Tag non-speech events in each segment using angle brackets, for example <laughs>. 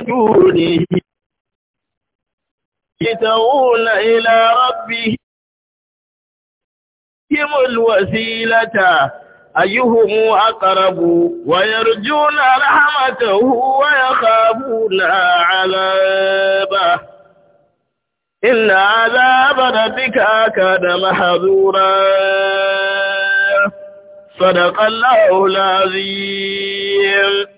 دونه يتغون إلى ربهم الوسيلة أيهم أقرب ويرجون رحمته ويخافون عذابه إن عذاب ربك كان محذورا صدق الله العظيم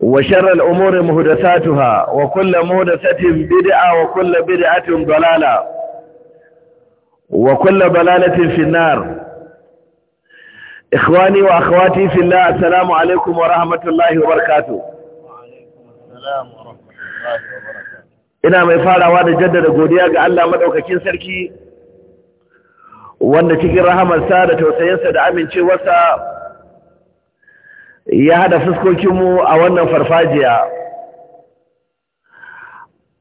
وشر الأمور مهدساتها وكل مهدسة بدعة وكل بدعة ضلالة وكل ضلالة في النار إخواني وأخواتي في الله السلام عليكم ورحمة الله وبركاته السلام ورحمة الله وبركاته ina mai farawa da jaddada godiya ga Allah madaukakin sarki wanda cikin rahamarsa da tausayinsa da amincewarsa ya hada fuskokinmu a wannan farfajiya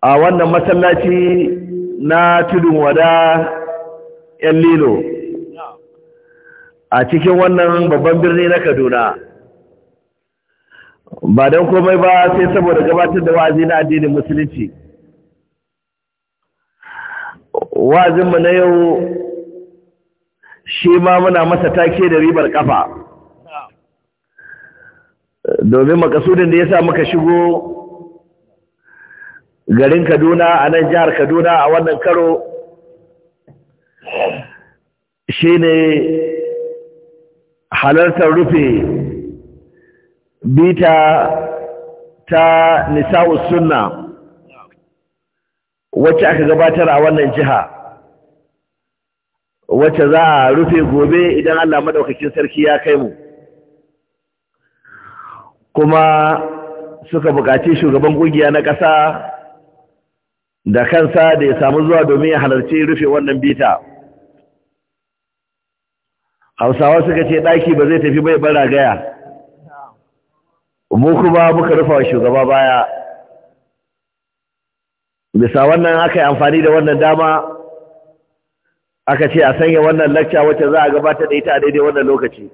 a wannan masallaci na tudun wada yan lilo a cikin wannan babban birni na kaduna ba don komai ba sai saboda gabatar da wa'azi na addinin musulunci wa'azinmu na yau shi ma muna masa take da ribar kafa domin makasudin da ya sa muka shigo garin kaduna a nan jihar kaduna a wannan karo shi ne halartar rufe bita ta nisa'us sunna wacce aka gabatar a wannan jiha wacce za a rufe gobe idan allah maɗaukakin sarki ya kai mu kuma suka bukaci shugaban ƙungiya na ƙasa da kansa da ya samu zuwa domin ya halarci rufe wannan bita hausawa suka ce ɗaki ba zai tafi bai bara gaya mu kuma muka rufa wa shugaba baya bisa wannan aka yi amfani da wannan dama aka ce a sanya wannan lacca wacce za a gabata da ita a daidai wannan lokaci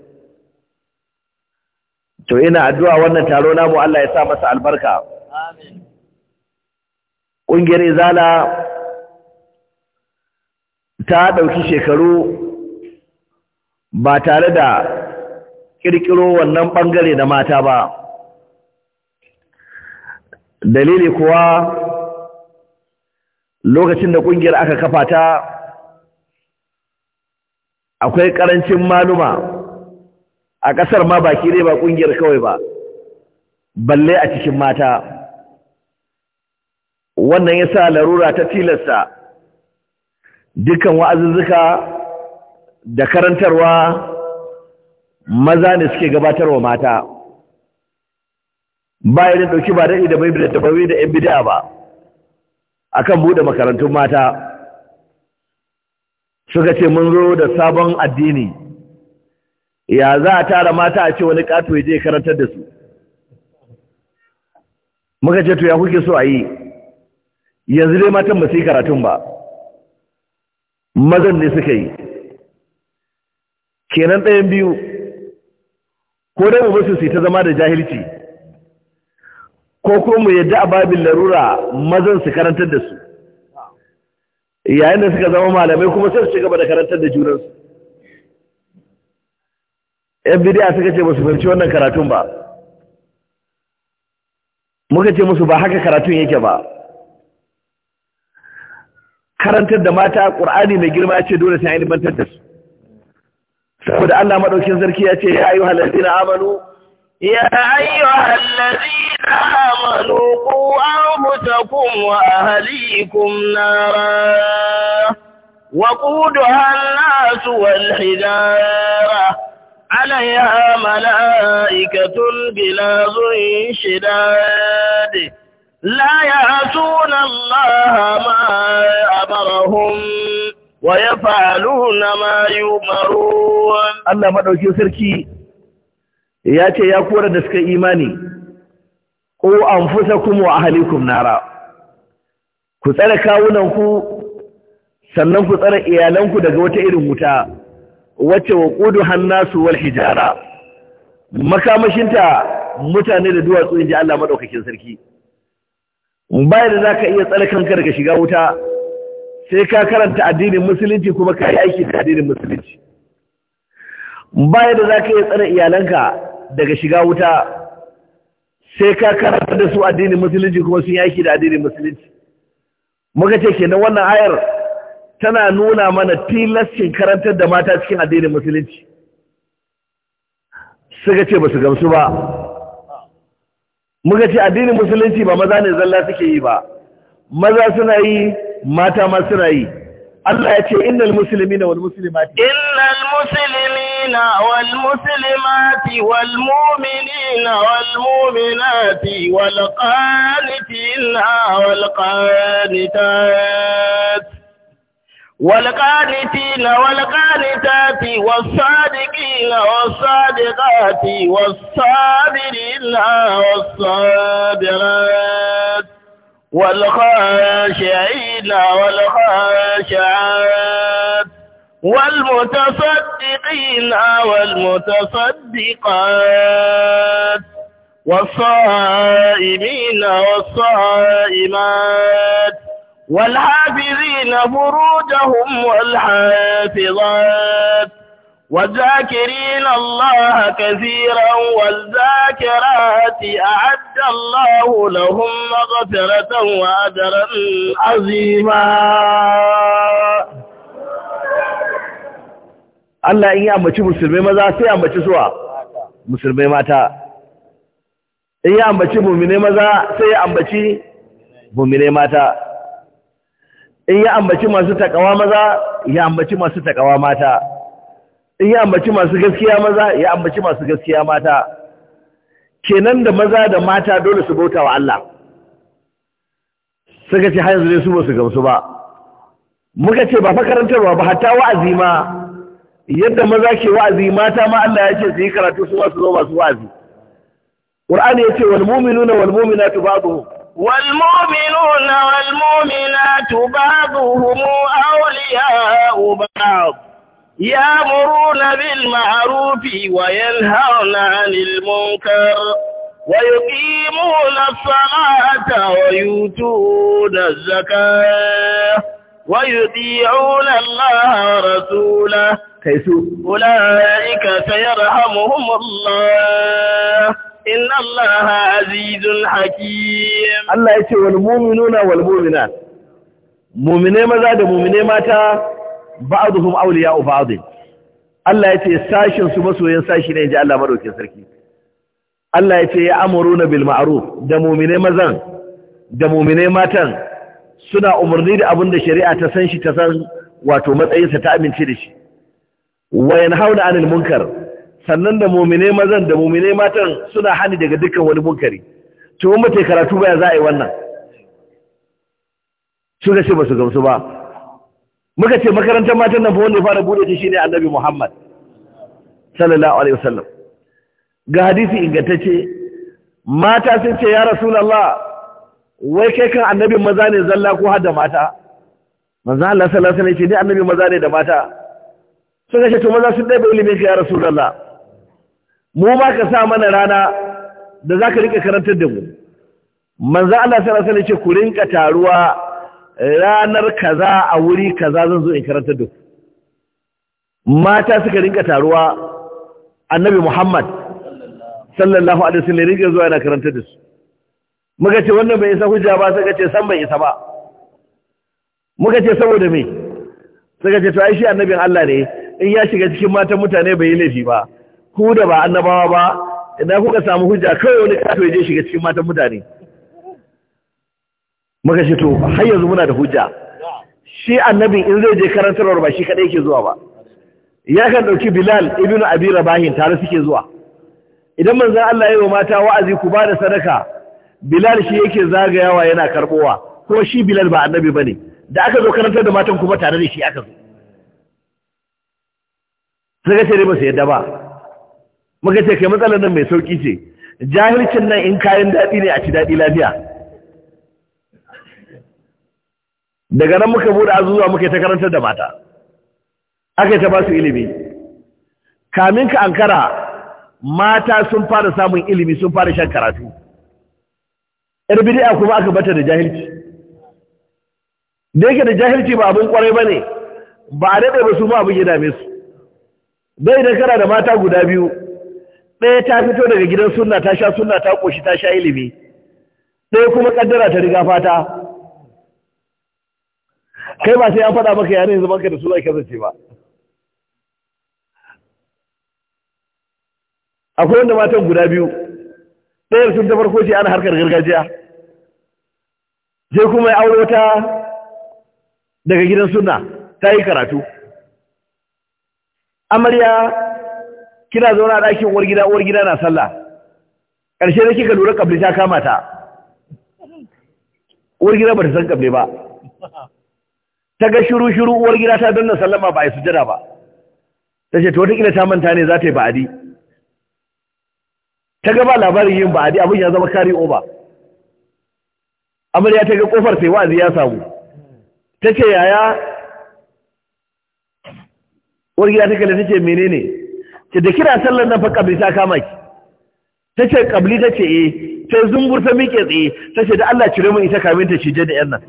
to ina addu'a wannan taro na namu Allah ya sa masa albarka amin ƙungiyar izala ta ɗauki shekaru ba tare da ƙirƙiro wannan ɓangare na mata ba dalili kuwa lokacin da ƙungiyar aka kafa ta akwai ƙarancin maluma a ƙasar ma baki dai ba ƙungiyar kawai ba balle a cikin mata wannan ya sa larura ta tilasta dukkan wa'azuzzuka da karantarwa maza ne suke gabatarwa mata bayan da ɗauki ba daɗi da mai da tabawi da 'yan bida ba akan buɗe makarantun mata suka ce mun zo da sabon addini ya za a tara mata a ce wani kato ya je karantar da su muka ce to ya kuke so a yi yanzu dai matan ba su yi karatun ba mazan ne suka yi kenan ɗayan biyu ko dai mu basu su ta zama da jahilci ko ko mu yadda a babin larura mazan su karantar da su yayin da suka zama malamai kuma sai su ci gaba da karantar da junansu yan bidiya suka ce ba su fahimci wannan karatun ba muka ce musu ba haka karatun yake ba karantar da mata ƙur'ani mai girma ya ce dole sai ainihin ilimantar da su saboda Allah maɗaukin sarki ya ce ya ayu na amanu ya ayu na amanu ku kun wa na nara wa quduha an-nas wal hijara عليها ملائكة بلاغ شداد لا يعصون الله ما أمرهم ويفعلون ما يؤمرون الله مدوكي سركي yace ya kora da suka imani ko kuma wa ahlikum nara ku tsare kawunanku sannan ku tsare iyalanku daga wata irin wuta wacce wa ƙudu hannasu wal hijara makamashinta mutane da duwatsu in ji Allah maɗaukakin sarki bayan da za ka iya kanka daga shiga wuta sai ka karanta addinin musulunci kuma ka yi aiki da addinin musulunci bayan da za ka iya tsare iyalanka daga shiga wuta sai ka karanta da su addinin musulunci kuma sun yi aiki da addinin musulunci muka ce kenan wannan ayar tana nuna mana tilastin karantar da mata cikin addinin musulunci suka ce ba su gamsu ba muka ce addinin musulunci ba maza ne zalla suke yi ba maza suna yi mata ma suna yi Allah ya ce innal muslimina wal muslimati innal muslimina wal muslimati wal mu'minina wal mu'minati wal qanitina wal qanitati والقانتين والقانتات والصادقين والصادقات والصابرين والصابرات والخاشعين والخاشعات والمتصدقين والمتصدقات والصائمين والصائمات والحافظين فروجهم والحافظات والذاكرين الله كثيرا والذاكرات أعد الله لهم مغفرة وأجرا عظيما الله إن يعمل مسلمين ماذا سيعمل تسوى مسلمين ماتا إن يعمل مؤمنين ماذا سيعمل مؤمنين ماتا in yi ambaci masu takawa maza ya ambaci masu takawa mata in yi ambaci masu gaskiya maza ya ambaci masu gaskiya mata kenan da maza da mata dole su bauta wa Allah suka ce har yanzu ne su ba su gamsu ba muka ce ba fa ba hatta wa'azi ma yadda maza ke wa'azi mata ma Allah ya ce su yi karatu su ba su zo masu wa'azi Qur'ani ya ce wal mu'minuna wal mu'minatu ba'dhum والمؤمنون والمؤمنات بعضهم أولياء بعض يأمرون بالمعروف وينهون عن المنكر ويقيمون الصلاة ويؤتون الزكاة ويطيعون الله ورسوله أولئك سيرحمهم الله inna allaha azizun hakim Allah yace wal mu'minuna wal mu'minat mu'mine maza da mu'mine mata ba'dhum awliya'u ba'd Allah yace sashin su masoyan sashi ne inji Allah madaukakin sarki Allah yace ya amuruna bil ma'ruf da mu'mine mazan da mu'mine matan suna umarni da abin da shari'a ta san shi ta san wato matsayinsa ta amince da shi wa yanhauna anil munkar sannan da mumine mazan da mumine matan suna hani daga dukkan wani munkari to mun mutai karatu baya za a yi wannan su ga ce ba su gamsu ba muka ce makarantar matan nan fa wanda ya fara bude ta shine annabi Muhammad sallallahu alaihi wasallam ga hadisi ingantacce mata sun ce ya rasulullah wai kai kan annabi maza ne zalla ko har da mata manzo Allah sallallahu alaihi wasallam ce ni annabi maza ne da mata sun ce to maza sun dai ba ilimin ya rasulullah mu ma ka sa mana rana da za ka rika karantar da mu manzo Allah sallallahu alaihi wasallam ce ku rinka taruwa ranar kaza a wuri kaza zan zo in karantar da ku mata suka rinka taruwa annabi Muhammad sallallahu alaihi wasallam rinka zuwa yana karantar da su muka ce wannan bai isa hujja ba ka ce san bai isa ba muka ce saboda me suka ce to ai shi annabin Allah ne in ya shiga cikin matan mutane bai yi laifi ba ku da ba annabawa ba idan kuka samu hujja kawai wani kato ya je shiga cikin matan mutane Maka ce to har yanzu muna da hujja shi annabin in zai je karantarwar ba shi kadai yake zuwa ba ya kan dauki bilal ibnu abi rabahin tare suke zuwa idan manzon Allah ya yi wa mata wa'azi ku ba da sadaka bilal shi yake zagayawa yana karbowa ko shi bilal ba annabi bane da aka zo karantar da matan kuma tare da shi aka zo sai ga sai ba sai yadda ba muka ce kai matsalar nan mai sauki ce jahilcin nan in kayan daɗi ne a ci daɗi lafiya daga nan muka bude azuzuwa muka ta karantar da mata aka ta ba su ilimi kamin ka ankara mata sun fara samun ilimi sun fara shan karatu yar bidi'a kuma aka bata da jahilci da yake da jahilci ba abin kwarai ba ne ba a daɗe ba su ma abin ya dame su dai da kana da mata guda biyu ɗaya ta fito daga gidan suna, ta sha suna, ta ƙoshi ta sha ilimi ɗaya kuma ƙaddara ta riga fata kai ba sai an faɗa maka yanayin zamanka da su kasance ba akwai wanda matan guda biyu ɗayar sun ta farko ce ana harkar gargajiya sai kuma ya aure ta daga gidan suna ta yi karatu amarya kina zauna a ɗakin uwar gida uwar gida na sallah ƙarshe da kika lura ƙabli ta kama ta uwar gida ba ta san ƙabli ba ta ga shiru shiru uwar gida ta danna sallama ba a yi sujada ba ta ce to wataƙila ta manta ne za ta yi ba'adi ta ga ba labarin yin ba'adi abin ya zama kari oba amarya ta ga kofar sai wa'azi ya samu ta ce yaya uwar gida ta kalli ta ce menene ce da kira sallar nan fa kabli ta kama ki ta ce kabli ta ce eh ta zumbur ta miƙe tsaye ta ce da Allah cire mun ita kamin ta cije da yan nan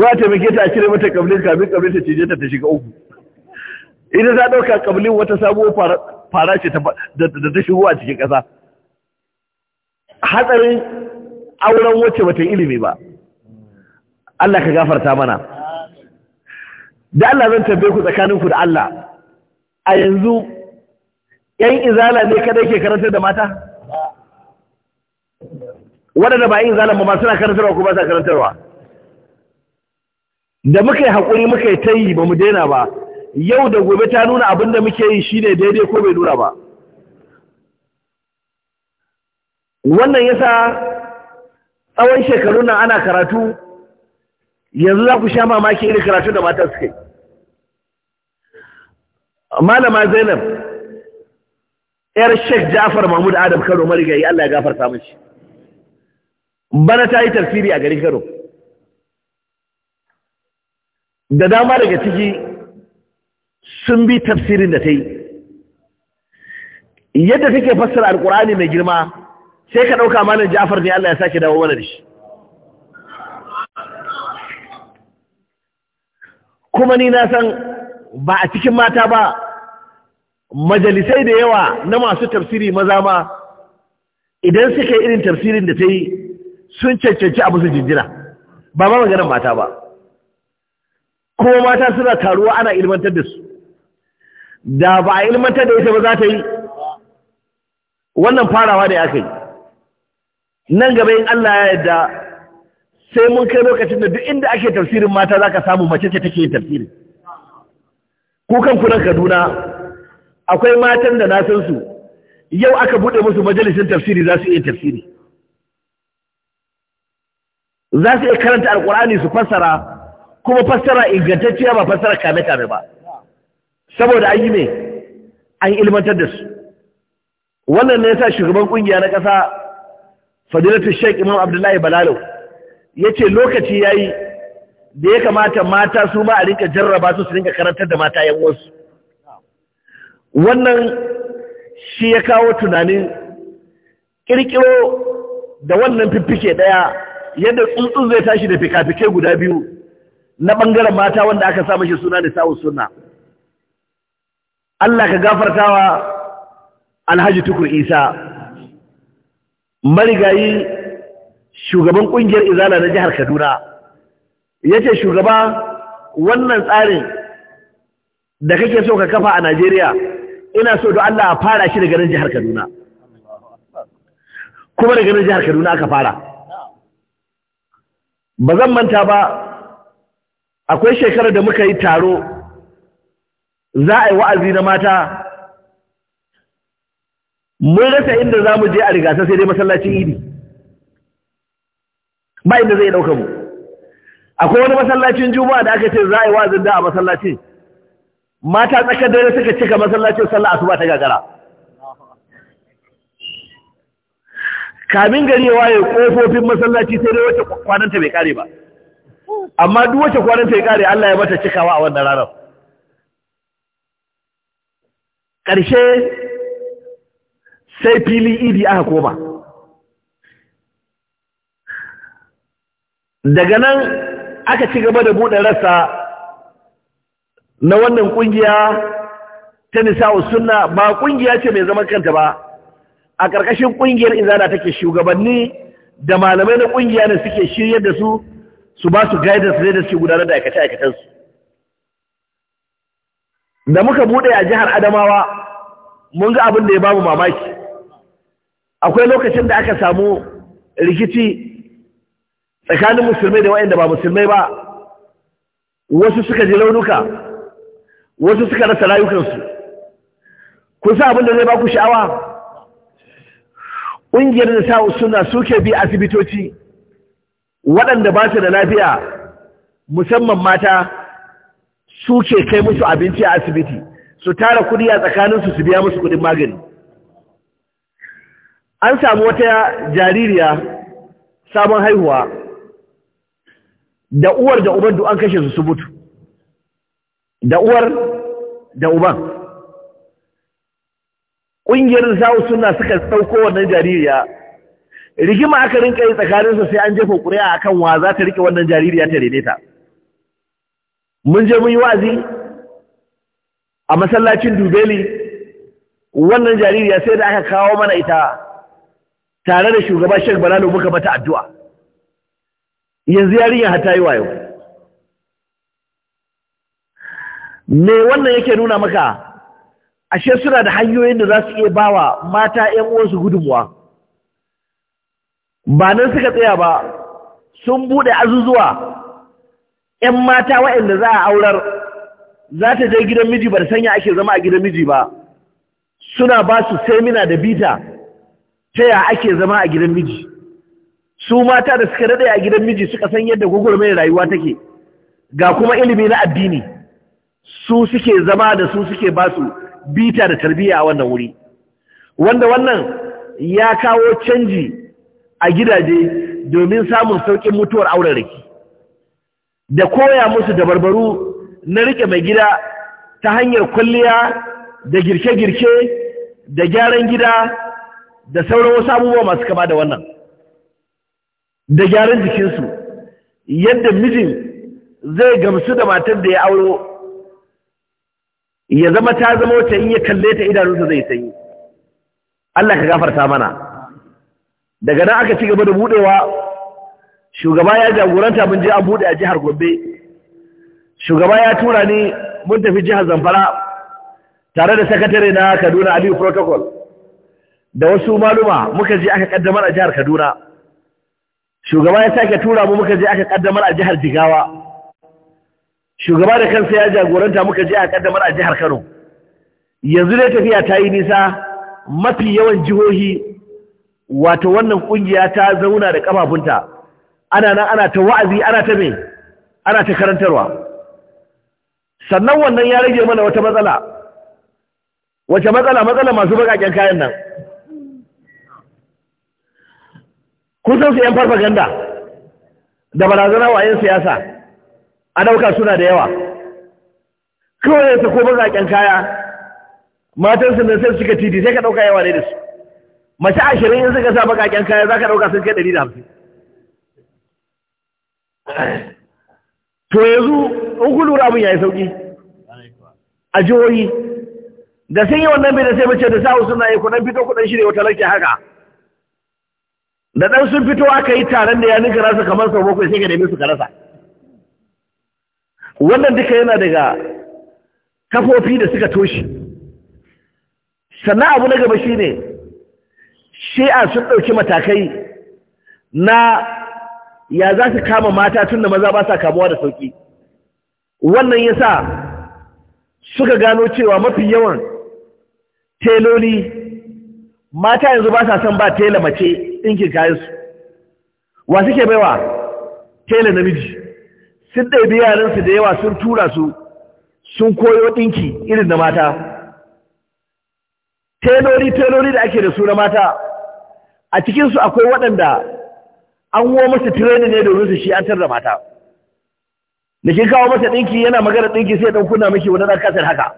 wa ta mike ta cire mata kablin kamin kablin ta cije ta ta shiga uku idan ta ɗauka kablin wata sabuwar fara ce da ta shigo a cikin ƙasa hatsarin auren wacce bata ilimi ba Allah ka gafarta mana da Allah zan tambaye ku tsakaninku da Allah a yanzu ‘yan izala ne kada ke karantar da mata? Waɗanda ba yin izalan ba suna karantarwa ko ba sa karantarwa. Da muka yi haƙuri muka yi ta yi ba mu daina ba, yau da gobe ta nuna abin da muke yi shi ne daidai ko bai nuna ba. Wannan yasa tsawon shekaru nan ana karatu, yanzu za ku sha mamaki irin karatu da mata suka malama zainab yar sheikh jafar mahmud adam karo marigayi allah ya gafarta mashi bana ta yi tafsiri a garin karo da dama daga ciki sun bi tafsirin da ta yi yadda take fassara alkur'ani mai girma sai ka ɗauka malam jafar ne allah ya sake dawo mana da shi kuma ni na san ba a cikin mata ba majalisai da yawa na masu tafsiri maza ma idan suka yi irin tafsirin da ta yi sun cancanci abu su jinjina ba ma maganar mata ba kuma mata suna taruwa ana ilmantar da su da ba a ilmantar da ita ba za ta yi wannan farawa da ya kai nan gaba yin Allah ya yadda sai mun kai lokacin da duk inda ake tafsirin mata za ka samu mace ce take yin tafsirin ku kan Kaduna akwai matan da na san su yau aka buɗe musu majalisin tafsiri za su iya tafsiri za su iya karanta alkur'ani su fassara kuma fassara ingantacciya ba fassara kame-kame ba saboda an yi mai an ilmantar da su wannan ne yasa shugaban kungiya na ƙasa fadilatu sheik imam abdullahi balalo ya ce lokaci ya yi da ya kamata mata su ma a rinka jarraba su su rinka karantar da mata yan wasu wannan shi ya kawo tunanin ƙirƙiro da wannan fiffike ɗaya yadda tsuntsun zai tashi da fikafikai guda biyu na ɓangaren mata wanda aka sa shi suna da sawun suna Allah ka gafartawa alhaji tukur isa marigayi shugaban ƙungiyar izala na jihar kaduna ya ce shugaba wannan tsarin da kake so ka kafa a najeriya ina so da Allah a fara shi daga nan jihar Kaduna kuma daga nan jihar Kaduna aka fara ba zan manta ba akwai shekarar da muka yi taro za a yi wa'azi na mata mun rasa inda za mu je a rigasa sai dai masallacin idi ba inda zai ɗauka mu akwai wani masallacin juma'a da aka ce za a yi wa'azin da a masallacin mata tsakar dare suka cika masallacin sallah asuba ta gagara kamin gari waye kofofin masallaci sai dai wace kwananta bai kare ba amma duk wace kwananta ya kare Allah ya mata cikawa a wannan ranar Karshe sai fili idi aka koma daga nan aka ci gaba da buɗe rasa na wannan kungiya ta nisa'u sunna ba kungiya ce mai zama kanta ba a ƙarƙashin kungiyar izana take shugabanni da malamai na kungiya ne suke shiryar da su su ba su guidance ne da su gudanar da aikace-aikacen su da muka bude a jihar Adamawa mun ga abin da ya babu mamaki akwai lokacin da aka samu rikici tsakanin musulmai da waɗanda ba musulmai ba wasu suka ji launuka wasu suka rasa rayukansu kun sa abin da zai baku sha'awa ƙungiyar da sa suna suke bi asibitoci waɗanda ba su da lafiya musamman mata suke kai musu abinci a asibiti su tara kuɗi a tsakaninsu su biya musu kuɗin magani an samu wata jaririya sabon haihuwa da uwar da uban an kashe su su mutu da uwar da uban ƙungiyar sa'u suna suka ɗauko wannan jaririya rigima aka rinka yi tsakaninsu sai an jefa ƙuri'a akan wa za ta rike wannan jaririya ta rene ta mun je mun yi wazi a masallacin dubeli wannan jaririya sai da aka kawo mana ita tare da shugaba shek balalu muka mata addu'a yanzu yarinya har ta yi wayo me wannan yake nuna maka ashe suna da hanyoyin da za su iya bawa mata ‘yan uwansu gudunmuwa ba nan suka tsaya ba sun buɗe azuzuwa ‘yan mata waɗanda za a aurar za ta je gidan miji ba da sanya ake zama a gidan miji ba suna ba su semina da bita ta ya ake zama a gidan miji su mata da suka daɗe a gidan miji suka san yadda gwagwarmayar rayuwa take ga kuma ilimi na addini su suke zama da su suke ba su bita da tarbiyya a wannan wuri wanda wannan ya kawo canji a gidaje domin samun sauƙin mutuwar auren da koya musu dabarbaru na riƙe mai gida ta hanyar kwalliya da girke-girke da gyaran gida da sauran wasu abubuwa masu kama da wannan da gyaran jikinsu yadda mijin zai gamsu da matar da ya auro ya zama ta zama wacce in ya kalle ta idanunsa zai sanyi Allah ka gafarta mana daga nan aka ci gaba da budewa shugaba ya jagoranta mun je an bude a jihar Gombe shugaba ya tura ni mun tafi jihar Zamfara tare da sakatare na Kaduna Aliyu Protocol da wasu maluma muka je aka kaddamar a jihar Kaduna shugaba ya sake tura mu muka je aka kaddamar a jihar Jigawa shugaba da kansa ya jagoranta muka je a kaddamar a jihar Kano yanzu dai tafiya ta yi nisa mafi yawan jihohi wato wannan kungiya ta zauna da kafafunta ana nan ana ta wa'azi ana ta me ana ta karantarwa sannan wannan ya rage mana wata matsala wace matsala matsala masu bakaken kayan nan kusan su yan farfaganda da barazana wa siyasa a ɗauka suna da yawa kawai ya sako bazaƙen kaya matansu da sai suka titi sai ka ɗauka yawa ne da su mace ashirin in suka sa baƙaƙen kaya za ka ɗauka sun kai ɗari da hamsin to yanzu in ku lura abin ya yi sauƙi a jihohi da sun yi wannan bai da sai mace da wasu suna yi kudan fito kudan shirya wata larki haka da ɗan sun fito aka yi taron da ya nika rasa kamar sau bakwai sai ka nemi su ka rasa wannan duka yana daga kafofi da suka toshe sannan abu na gaba shine shi'a sun ɗauki matakai na ya za su kama mata tun da maza ba sa kamuwa da sauƙi wannan ya sa suka gano cewa mafi yawan teloli mata yanzu ba sa son ba tela mace ɗinkin kayansu wa suke baiwa tela namiji sun ɗaibi yaransu da yawa sun tura su sun koyo ɗinki irin da mata telori telori da ake da su na mata a cikinsu akwai waɗanda an wo masa tireni ne domin su shi an da mata da kawo masa ɗinki yana magana ɗinki sai ɗan kunna miki wani ɗan haka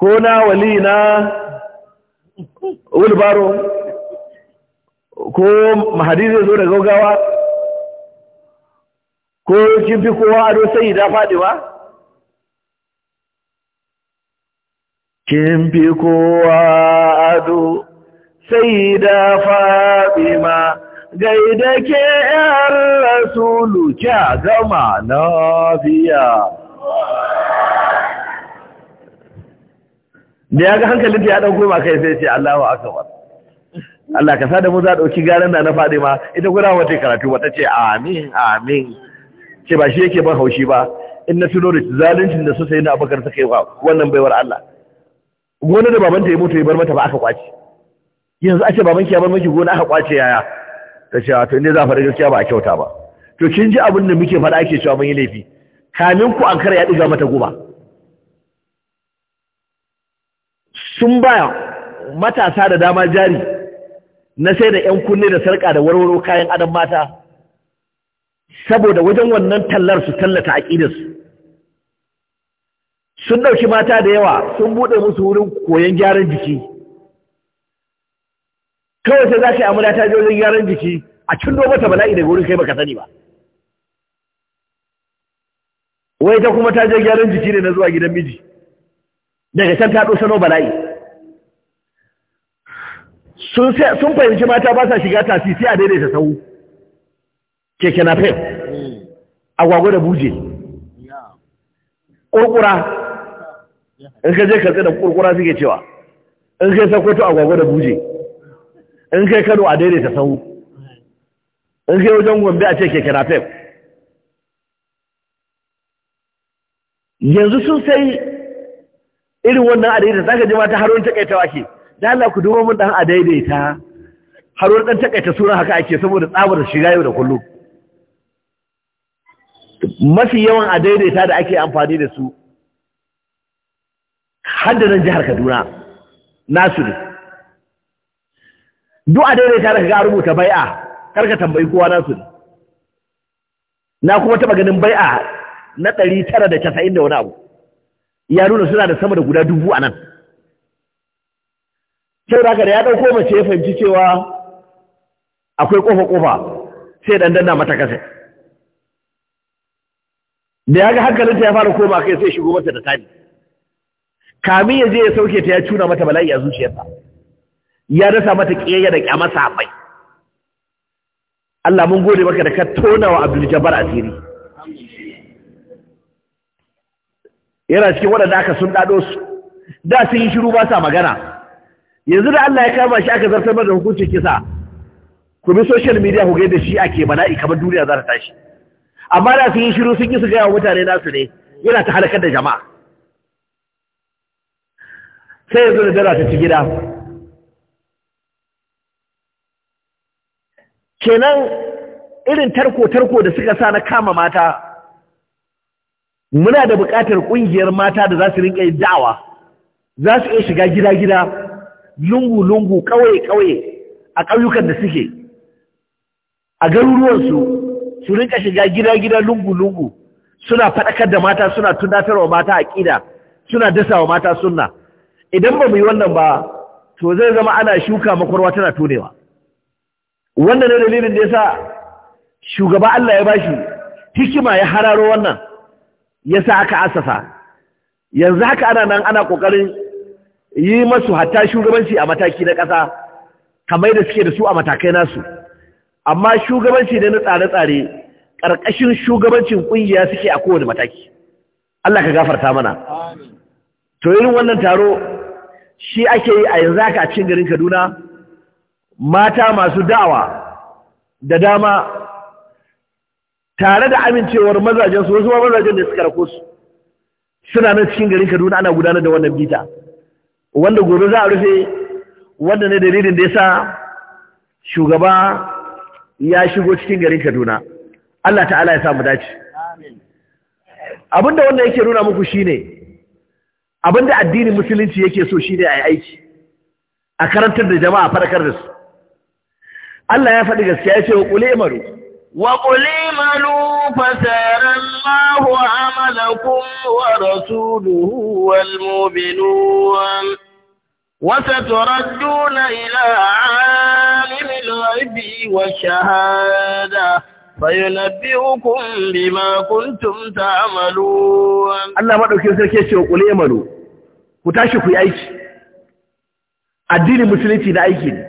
ko na wali na wulbaro ko mahadi zai zo da gaugawa ko kin fi kowa ado sai da faɗi ba kin fi kowa ado sai da faɗi ma gaida ke ‘yan rasulu kya gama lafiya. Da ya ga hankalin ya ɗan ma kai sai ce Allahu akbar Allah ka sa da mu za dauki ɗauki da na na faɗi ma ita guda wata karatu wata ce amin amin ce ba shi yake ban haushi ba in na tuno da zaluncin da sosai sayi na abubakar suka yi wa wannan baiwar Allah gona da babanta ya mutu ya bar mata ba aka kwace yanzu a ce babanki ya bar maki gona aka kwace yaya ta ce to ne za a fara gaskiya ba a kyauta ba to kin ji abin da muke faɗa ake cewa mun yi laifi kamin ku an kara ya ɗiga mata guba sun baya matasa da dama jari na sai da 'yan kunne da sarƙa da warwaro kayan adam mata saboda wajen wannan tallar su tallata aƙidarsu sun ɗauki mata da yawa sun buɗe musu wurin koyon gyaran jiki kawai sai za ka yi amina ta je wajen gyaran jiki a cin ta bala'i daga wurin kai baka sani ba wai ta kuma ta je gyaran jiki ne na zuwa gidan miji daga can ta sano bala'i sun fahimci mata ba sa shiga tasi sai a daidaita sahu keke na fef hmm. agwagwa da buje ƙurƙura in ka je ka da ƙurƙura suke cewa in kai sakwato agwagwa da buje in kai kano a daidaita sahu in kai wajen gombe a ce keke na fef yanzu sun sai irin wannan a daidaita za ka ji mata harin takaitawa ke da Allah ku duba mun dan a daidaita harin dan takaita sura haka ake saboda tsabar shiga yau da kullum mafi yawan a daidaita da ake amfani da su haddanan jihar kaduna nasu ne duk a daidaita da ga rubuta bai'a karka tambayi kowa nasu ne na kuma taba ganin bai'a na ɗari tara da wani abu ya nuna suna da sama da guda dubu a nan sai da haka da ya ɗauko mace ya fahimci cewa akwai ƙofa-ƙofa sai ɗanɗana mata kasai da ya ga hankalinta ya fara koma kai sai shigo mata da tani kamin ya je ya sauke ta ya cuna mata bala'i a zuciyarta, ya dasa mata kiyayya da kyama safai Allah mun gode maka da ka tona wa Abdul Jabbar asiri yana cikin waɗanda aka sun dado su da sun yi shiru ba sa magana yanzu da Allah ya kama shi aka zartar da hukuncin kisa ku bi social media ku ga da shi ake bala'i kamar duniya za ta tashi amma da su yi shiru sun yi su gaya wa mutane nasu ne yana ta halakar da jama'a sai yanzu da dara ta ci gida kenan irin tarko-tarko da suka sa na kama mata muna da bukatar ƙungiyar mata da za su rinƙa yin da'awa za su iya shiga gida-gida lungu-lungu kawai-kawai, a ƙauyukan da suke a garuruwansu su rinka shiga gida-gida lungu-lungu suna faɗakar da mata suna wa mata a ƙida, suna wa mata sunna idan ba mu yi wannan ba to zai zama ana shuka makwarwa tana tonewa wannan ne dalilin da ya sa shugaba Allah ya ba bashi hikima ya hararo wannan Ya sa aka asasa yanzu haka ana nan ana ƙoƙarin yi masu hatta shugabanci a mataki na ƙasa kamar da suke da su a matakai nasu amma shugabanci da na tsare-tsare ƙarƙashin shugabancin ƙungiya suke a kowane mataki Allah ka gafarta mana to irin wannan taro shi ake yi a yanzu haka a garin Kaduna mata masu da'awa da dama tare da amincewar mazajen su wasu mazajen da suka rako su suna nan cikin garin Kaduna ana gudanar da wannan bita wanda gobe za a rufe wanda ne dalilin da yasa shugaba ya shigo cikin garin Kaduna Allah ta'ala ya samu dace abinda wannan yake nuna muku shine abinda addinin musulunci yake so shine yi aiki a karantar da jama'a farkar da su Allah ya faɗi gaskiya ya ce wa qulaimaru wa fasarar fasarallahu amalakun wa rasuluhu wal mu'minun وستردون إلى عالم wa shahada. فينبئكم madaukin sarki ce wa kule malu ku tashi ku yi aiki addinin musulunci na aiki ne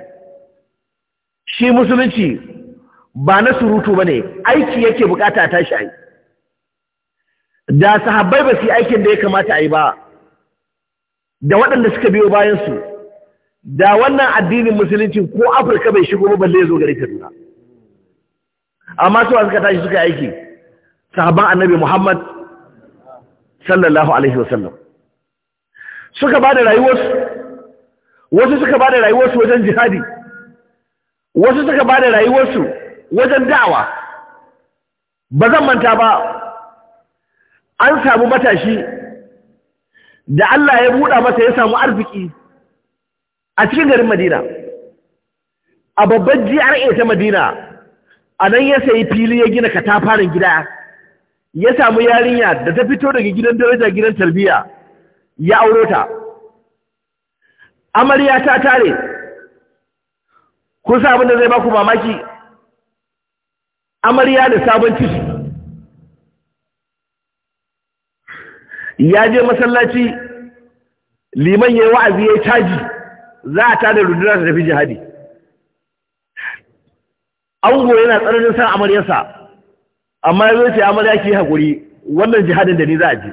shi musulunci ba na surutu ne, aiki yake bukata tashi ai da sahabbai ba su yi aikin da ya kamata a yi ba da waɗanda suka biyo bayansu da wannan addinin musulunci ko afirka bai shigo ba balle ya zo gare kaduna amma suwa suka tashi suka aiki sahabban annabi muhammad sallallahu alaihi wasallam suka ba da rayuwarsu wasu suka ba da rayuwarsu wajen jihadi wasu suka ba da rayuwarsu wajen da'awa ba zan manta ba an samu matashi da Allah ya buɗa masa ya samu arziki a cikin garin Madina a babban GRA ta Madina a nan ya sayi fili ya gina katafaren gida ya samu yarinya da ta fito daga gidan daraja gidan tarbiyya ya auro ta amarya ta tare kun sa da zai baku mamaki amarya da sabon cikin ya je masallaci liman ya yi wa'azi ya caji za a tada rundunar ta tafi jihadi ango yana tsananin san amaryarsa amma ya zo ce amarya ki haƙuri wannan jihadin da ni za a je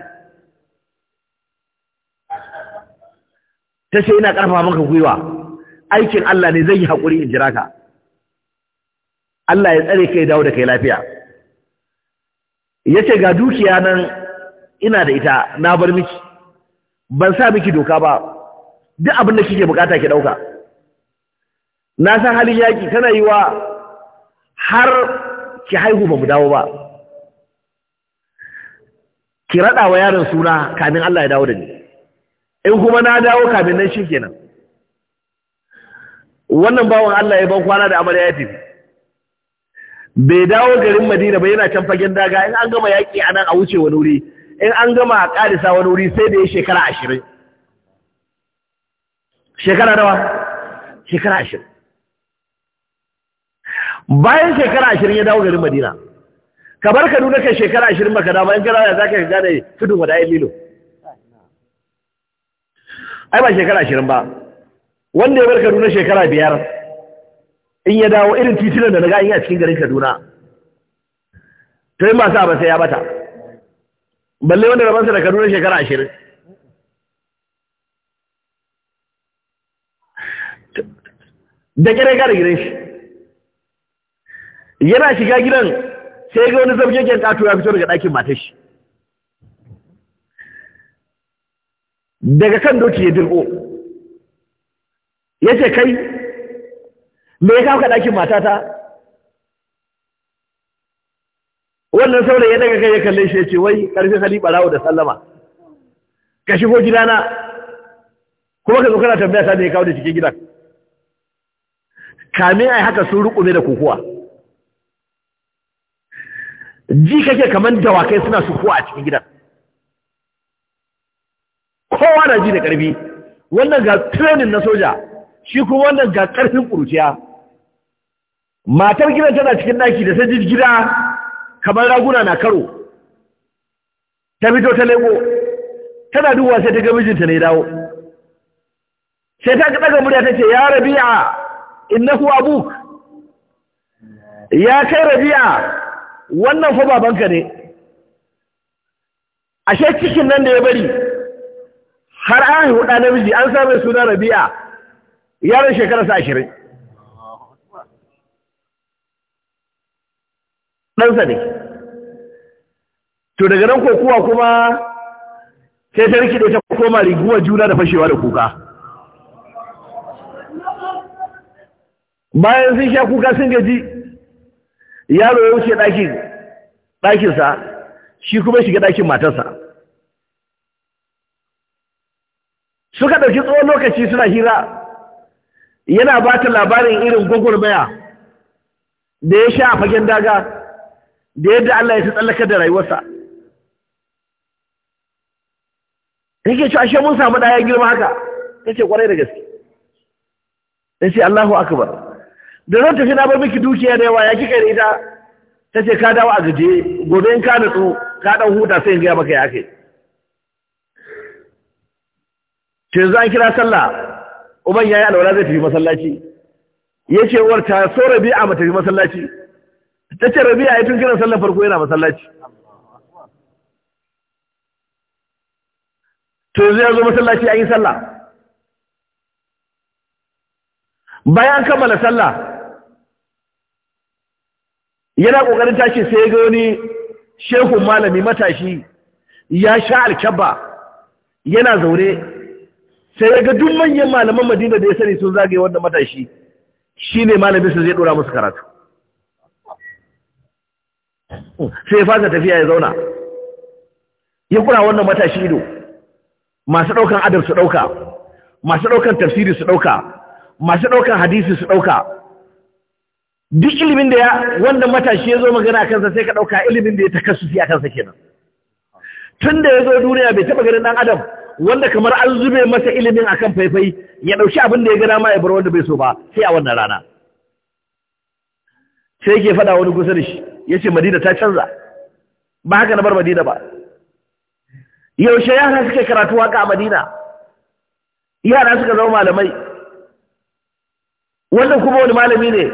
ta ce yana ƙarfafa maka gwiwa aikin Allah ne zai yi haƙuri in jira ka Allah ya tsare kai dawo da kai lafiya ya ce ga dukiya nan ina da ita na bar miki ban sa miki doka ba duk abin da kike bukata ki dauka na san halin yaki tana yi wa har ki haihu ba mu dawo ba ki rada wa yaron suna kamin Allah ya dawo da ni in kuma na dawo kamin nan shikenan wannan bawan Allah ya ban kwana da amarya ya tafi bai dawo garin Madina ba yana can fagen daga in an gama yaki a nan a wuce wani wuri in an gama a ƙarisa wani wuri sai da ya shekara ashirin shekara nawa shekara ashirin bayan shekara ashirin ya dawo garin madina ka kaduna ka shekara ashirin maka dawo bayan kana za ka gane tudun wadayen lilo ai ba shekara ashirin ba wanda ya bar kaduna shekara biyar in ya dawo irin titunan da na ga in yi a cikin garin kaduna to yi masu abasa ya bata balle wanda rabansa da kaduna shekara ashirin da kira gara gidan shi yana shiga gidan sai ga wani zabgegen kato ya fito daga ɗakin matar shi daga kan doki ya dirbo ya ce kai me ya kawo ka ɗakin matata wannan saurayi ya daga kai ya kalle shi ya ce wai karfin hali barawo da sallama ka shigo gidana kuma ka zo kana tambaya sa da ya kawo da cikin gidan kamin ai haka sun rukume da kokowa ji kake kaman dawakai suna sukuwa a cikin gidan kowa na ji da karfi wannan ga training na soja shi kuma wannan ga karfin kuruciya matar gidan tana cikin daki da sai gida kamar raguna na karo ta fito ta leko tana duwa sai ta ga mijinta ne dawo sai ta daga murya ta ce ya rabi'a innahu abuk ya kai rabi'a wannan fa babanka ne ashe cikin nan da ya bari har an huɗa namiji an same suna rabi'a yaron shekararsa ashirin ɗansa ne to daga nan kokowa kuma sai ta rikide ta koma riguwar juna da fashewa da kuka bayan sun sha kuka sun gaji yaro ya wuce ɗakinsa shi kuma shiga ɗakin matarsa suka ɗauki tsohon lokaci suna hira yana ba ta labarin irin gwagwarmaya da ya sha a fagen daga da yadda Allah ya tsallaka da rayuwarsa ke cewa ashe mun samu ɗaya girma haka ce ƙwarai da gaske ce Allahu akbar da zan tafi na bar miki dukiya da yawa ya kika da ita Ta ce ka dawo a gaje gobe in ka nutsu ka ɗan huta sai in gaya maka ya kai ce zan kira sallah uban ya yayi alwala zai tafi masallaci Ya ce uwar ta so a mata tafi masallaci ta ce rabi'a ya tun kiran sallar farko yana masallaci to zai ya zo masallaci a yi sallah bayan kammala sallah yana ƙoƙarin tashi sai ya ga wani shehun malami matashi ya sha alkyabba yana zaure sai ya ga duk manyan malaman madina da ya sani sun zagaye wanda matashi shi ne malamin su zai ɗora musu karatu sai ya fasa tafiya ya zauna ya kura wannan matashi ido masu ɗaukan adar su ɗauka masu ɗaukan tafsiri su ɗauka masu ɗaukan hadisi su ɗauka duk ilimin da ya wannan matashi ya zo magana a kansa sai ka ɗauka ilimin da ya takassufi a kansa kenan tun da ya zo duniya bai taɓa ganin ɗan adam wanda kamar an zube masa ilimin akan faifai ya ɗauki abin da ya gana ma ya bar wanda bai so ba sai a wannan rana sai ke faɗa wani kusa da shi ya ce madina ta canza ba haka na bar madina ba yaushe yara suke karatu haka a madina yara suka zama malamai wannan kuma wani malami ne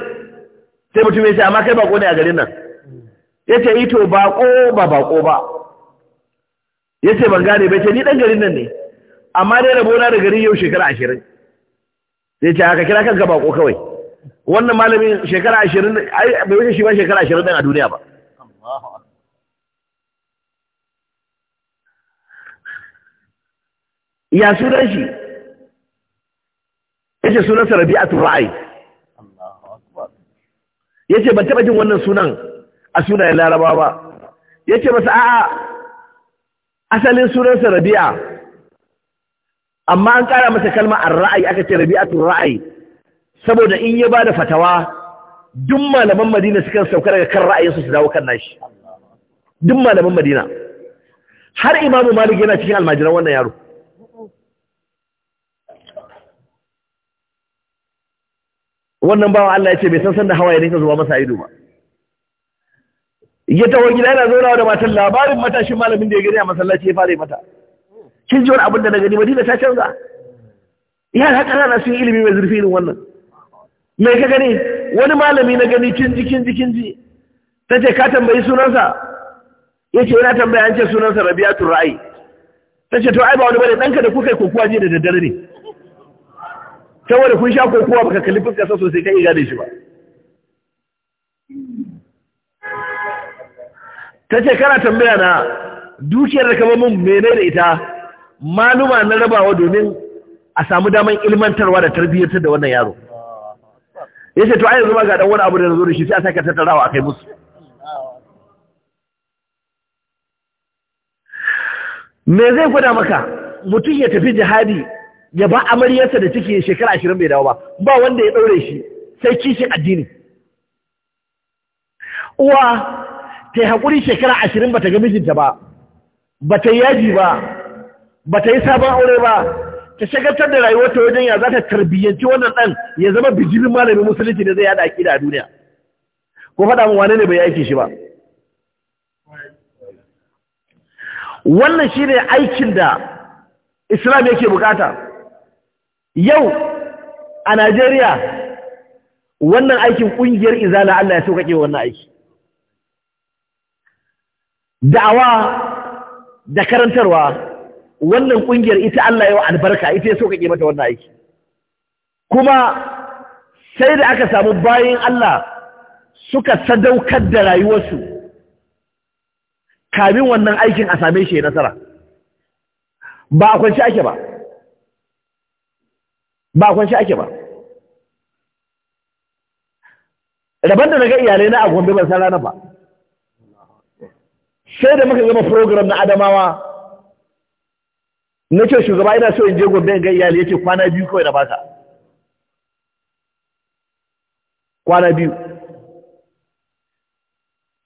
sai mutum ya ce amma kai bako ne a garin nan ya ce ito eh bako ba bako ba ya ce ban gane bai ce ni dan garin nan ne amma dai rabona da gari yau shekara ashirin sai ce haka kira kanka bako kawai wannan malamin shekara ashirin ai bai wuce shi ba shekara ashirin ɗin a duniya ba ya sunan shi ya ce sunansa a ra'ayi ya ce ban taɓa jin wannan sunan a sunayen larabawa ba ya ce masa a'a asalin sunansa rabi'a amma an ƙara masa kalma a raayi aka ce rabi'atul ra'ayi saboda in ya ba da fatawa duk malaman madina sukan sauka daga kan ra'ayinsu su dawo kan nashi duk malaman madina har imamu malik yana cikin almajiran wannan yaro wannan bawa Allah ya ce bai san sanda hawaye ne ka zuwa masa ido ba ya ta gida yana zaurawa da matan labarin matashin malamin da ya gani a masallaci ya fara mata kin ji wani abin da na gani madina ta canza yara ƙanana sun yi ilimi mai zurfi irin wannan mai ka gani wani malami na gani kinji kinji kinji ta ce ka tambayi sunansa ya ce yana tambaya an ce sunansa rabi'atu ra'ayi ta ce to ai ba wani bane ɗanka da kuka yi kokowa ji da daddare ne saboda kun sha kokowa baka kalli fuskar sosai kan iya gane shi ba ta ce kana tambaya na dukiyar da kama mun mene da ita maluma na rabawa domin a samu daman ilmantarwa da tarbiyyar da wannan yaro Ya ce to ai yanzu ba ga dan wani abu da zo da shi sai a saka tattarawa akai musu me zai gwada maka mutum ya tafi jihadi ya ba amaryarsa da ciki shekara ashirin bai dawo ba ba wanda ya ɗaure shi sai kishin addini uwa ta yi haƙuri shekara ashirin ba ta ga mijinta ba ba ta yaji ba ba ta yi sabon aure ba ta shagaltar da rayuwar ta wajen ya za ta tarbiyyanci wannan ɗan ya zama bijirin malamin musulunci da zai yada aƙida a duniya ko faɗa mu wane ne bai aiki shi ba wannan shi ne aikin da islam yake bukata yau a najeriya wannan aikin ƙungiyar izala allah ya sauƙaƙe wannan aiki da'awa da karantarwa wannan ƙungiyar ita Allah yawa albarka ita ya so kake mata wannan aiki kuma sai da aka samu bayan Allah suka sadaukar da rayuwarsu kamin wannan aikin a same shi nasara ba a kwanci ake ba ba a kwanci ake ba rabar da na ga iyalai na a gombe ban san ba sai da muka zama program na adamawa na ce shugaba ina so in je gobe in ga iyali ce kwana biyu kawai na baka kwana biyu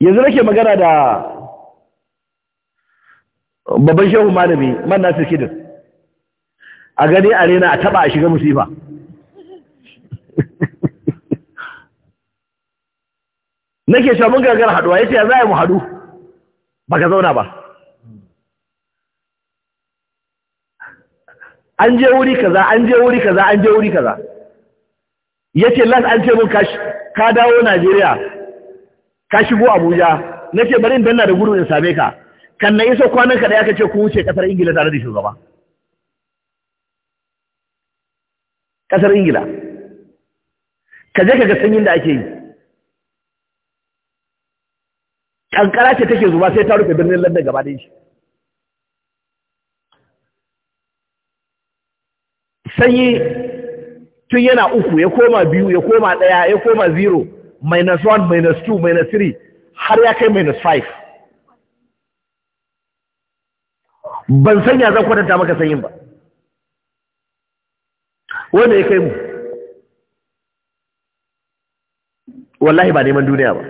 yanzu nake magana da babban shehu malami man nasir kidin a gani a rena a taba a shiga musifa <laughs> nake cewa mun gagara ya ce ya za a yi mu hadu ka zauna ba an je wuri kaza an je wuri kaza an je wuri kaza yace las an ce mun ka dawo Najeriya ka shigo Abuja nace bari in danna da gudu in same ka kan na iso kwanan ka da ya ce ku wuce kasar Ingila tare da shugaba kasar Ingila ka je ka ga sanyin da ake yi kankara ce take zuba sai ta rufe birnin London gaba da shi sanyi tun yana uku ya koma biyu ya koma ɗaya ya koma zero minus one minus two minus three har ya kai minus five ban sanya zan kwatanta maka sanyin ba wanda ya kai mu wallahi ba neman duniya ba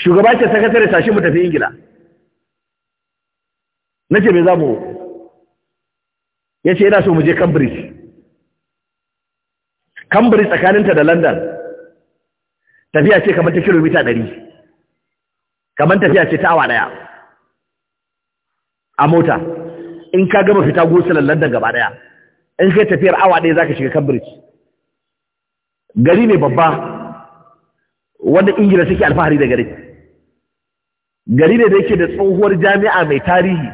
shugaba ce sakatare tashi mu tafi ingila na ce me za mu ya ce yana so mu je cambridge cambridge tsakaninta da london tafiya ce kamar ta kilomita ɗari kamar tafiya ce ta awa ɗaya a mota in ka gama fita gosulan london gaba ɗaya in kai tafiyar awa ɗaya za ka shiga cambridge gari ne babba wanda ingila suke alfahari da gari gari ne da yake da tsohuwar jami'a mai tarihi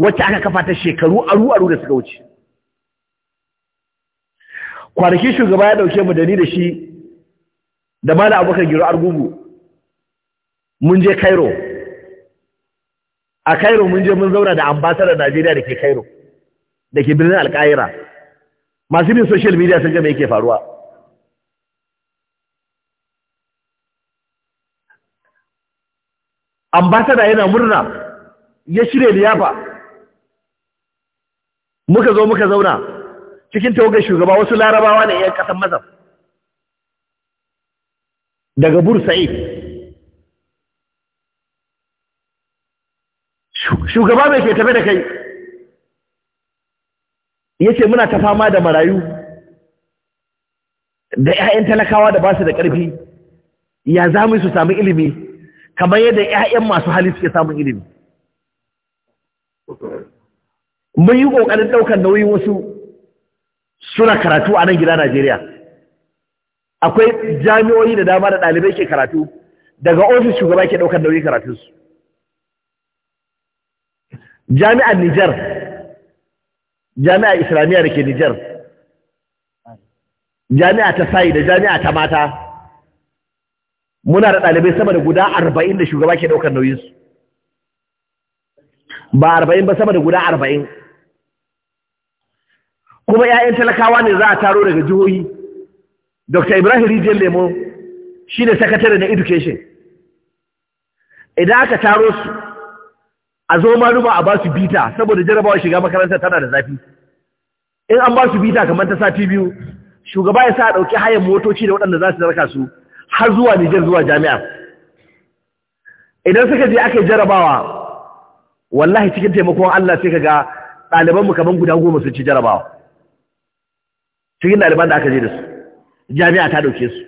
wacce aka kafa ta shekaru aru-aru da suka wuce kwanaki shugaba ya dauke mu da ni da shi da ma da abokan giro argungu mun je cairo a cairo mun je mun zauna da ambasadar najeriya da ke cairo da ke birnin alkaira masu bin social media sun ga me yake faruwa ambasada yana murna ya shirya liyafa muka zo muka zauna cikin tawagar shugaba wasu larabawa ne yan kasan masar daga bursa'i. shugaba mai ke tafe da kai ya ce muna ta fama da marayu da 'ya'yan talakawa da ba su da ƙarfi ya za mu su sami ilimi kamar yadda 'ya'yan masu hali suke samun ilimi mun yi ƙoƙarin ɗaukar nauyin wasu suna karatu a nan gida Najeriya akwai jami'o'i da dama da ɗalibai ke karatu daga ofis shugaba ke ɗaukar nauyin karatunsu jami'ar Nijar jami'ar Islamiyya da ke Nijar jami'a ta sayi da jami'a ta mata muna da ɗalibai sama da guda arba'in da shugaba ke ɗaukar nauyinsu ba arba'in ba sama da guda arba'in kuma 'ya'yan talakawa ne za a taro daga jihohi dr ibrahim rijiyar lemo shi ne sakatare na education idan aka taro su a zo ruba a ba su bita saboda jarabawa shiga makaranta tana da zafi in an ba su bita kamar ta sati biyu shugaba ya sa a ɗauki hayan motoci da waɗanda za su zarka su har zuwa nijar zuwa jami'a idan suka je aka yi jarabawa wallahi cikin taimakon allah sai ka ga ɗalibanmu kamar guda goma sun ci jarabawa cikin ɗaliban da aka je da su jami'a ta ɗauke su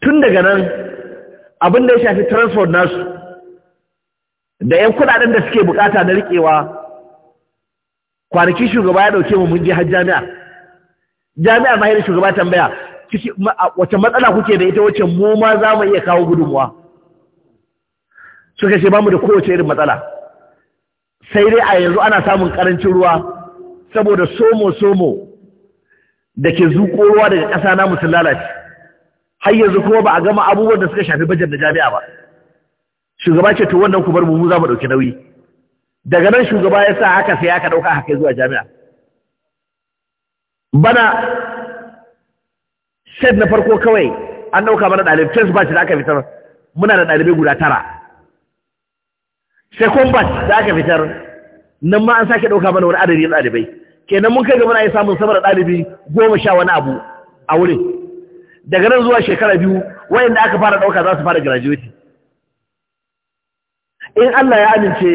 tun daga nan abin da ya shafi transfer nasu da 'yan kudaden da suke bukata na riƙewa kwanaki shugaba ya ɗauke mu mun je har jami'a jami'a ma yana shugaba tambaya wace matsala kuke da ita wace mu ma za mu iya kawo gudunmuwa suka ce ba mu da kowace irin matsala sai dai a yanzu ana samun ƙarancin ruwa saboda somo-somo da ke zuƙo daga ƙasa namu sun lalace har yanzu kuma ba a gama abubuwan da suka shafi bajar da jami'a ba shugaba ce to wannan ku bar mu za mu ɗauki nauyi daga nan shugaba ya sa haka sai aka ɗauka haka zuwa jami'a bana shed na farko kawai an ɗauka mana ɗalibai fes batch da aka fitar muna da ɗalibai guda tara second batch da aka fitar nan ma an sake ɗauka mana wani adadin ɗalibai kenan mun kai ga muna yi samun sama da ɗalibi goma sha wani abu a wurin daga nan zuwa shekara biyu wayanda aka fara ɗauka za su fara graduate in Allah ya amince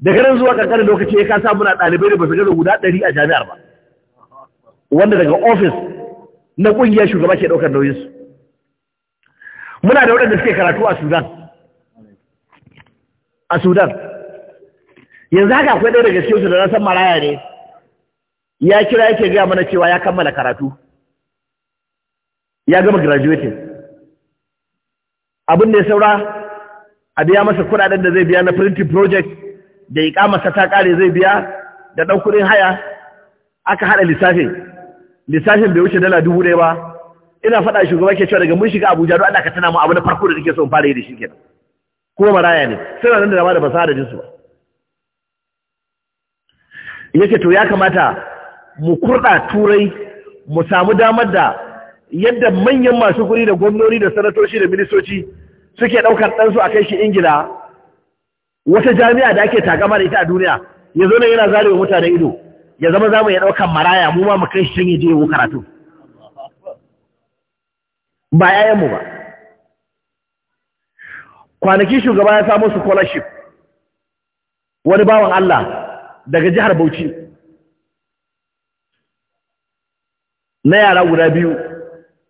daga nan zuwa ƙanƙanin lokaci ya kasa muna ɗalibai da ba su gano guda ɗari a jami'ar ba wanda daga ofis na ƙungiyar shugaba ke ɗaukar nauyinsu muna da waɗanda suke karatu a sudan a sudan yanzu haka akwai ɗaya daga cikinsu da na san maraya ne ya kira yake gaya mana cewa ya kammala karatu ya gama graduating abin da ya saura a biya masa kudaden da zai biya na printing project da ikamarsa ta kare zai biya da dan kudin haya aka hada lissafin lissafin bai wuce dala dubu ɗaya ba ina faɗa shugaba ke cewa daga mun shiga Abuja don Allah ka tana mu abu na farko da nake so in fara yi da shi kenan kuma maraya ne sai nan da dama da ba da jinsu ba yake to ya kamata mu kurɗa turai mu samu damar da yadda manyan masu kuri da gwamnori da sanatoci da ministoci suke ɗaukar ɗansu a kai shi ingila wata jami'a da ake takama da ita a duniya ya zo ne yana zarewa mutane ido ya zama za mu ya ɗaukar maraya mu ma mu kai shi can jiyewu karatu ba yayanmu ba kwanaki shugaba ya samu scholarship wani bawan Allah daga jihar Bauchi na yara guda biyu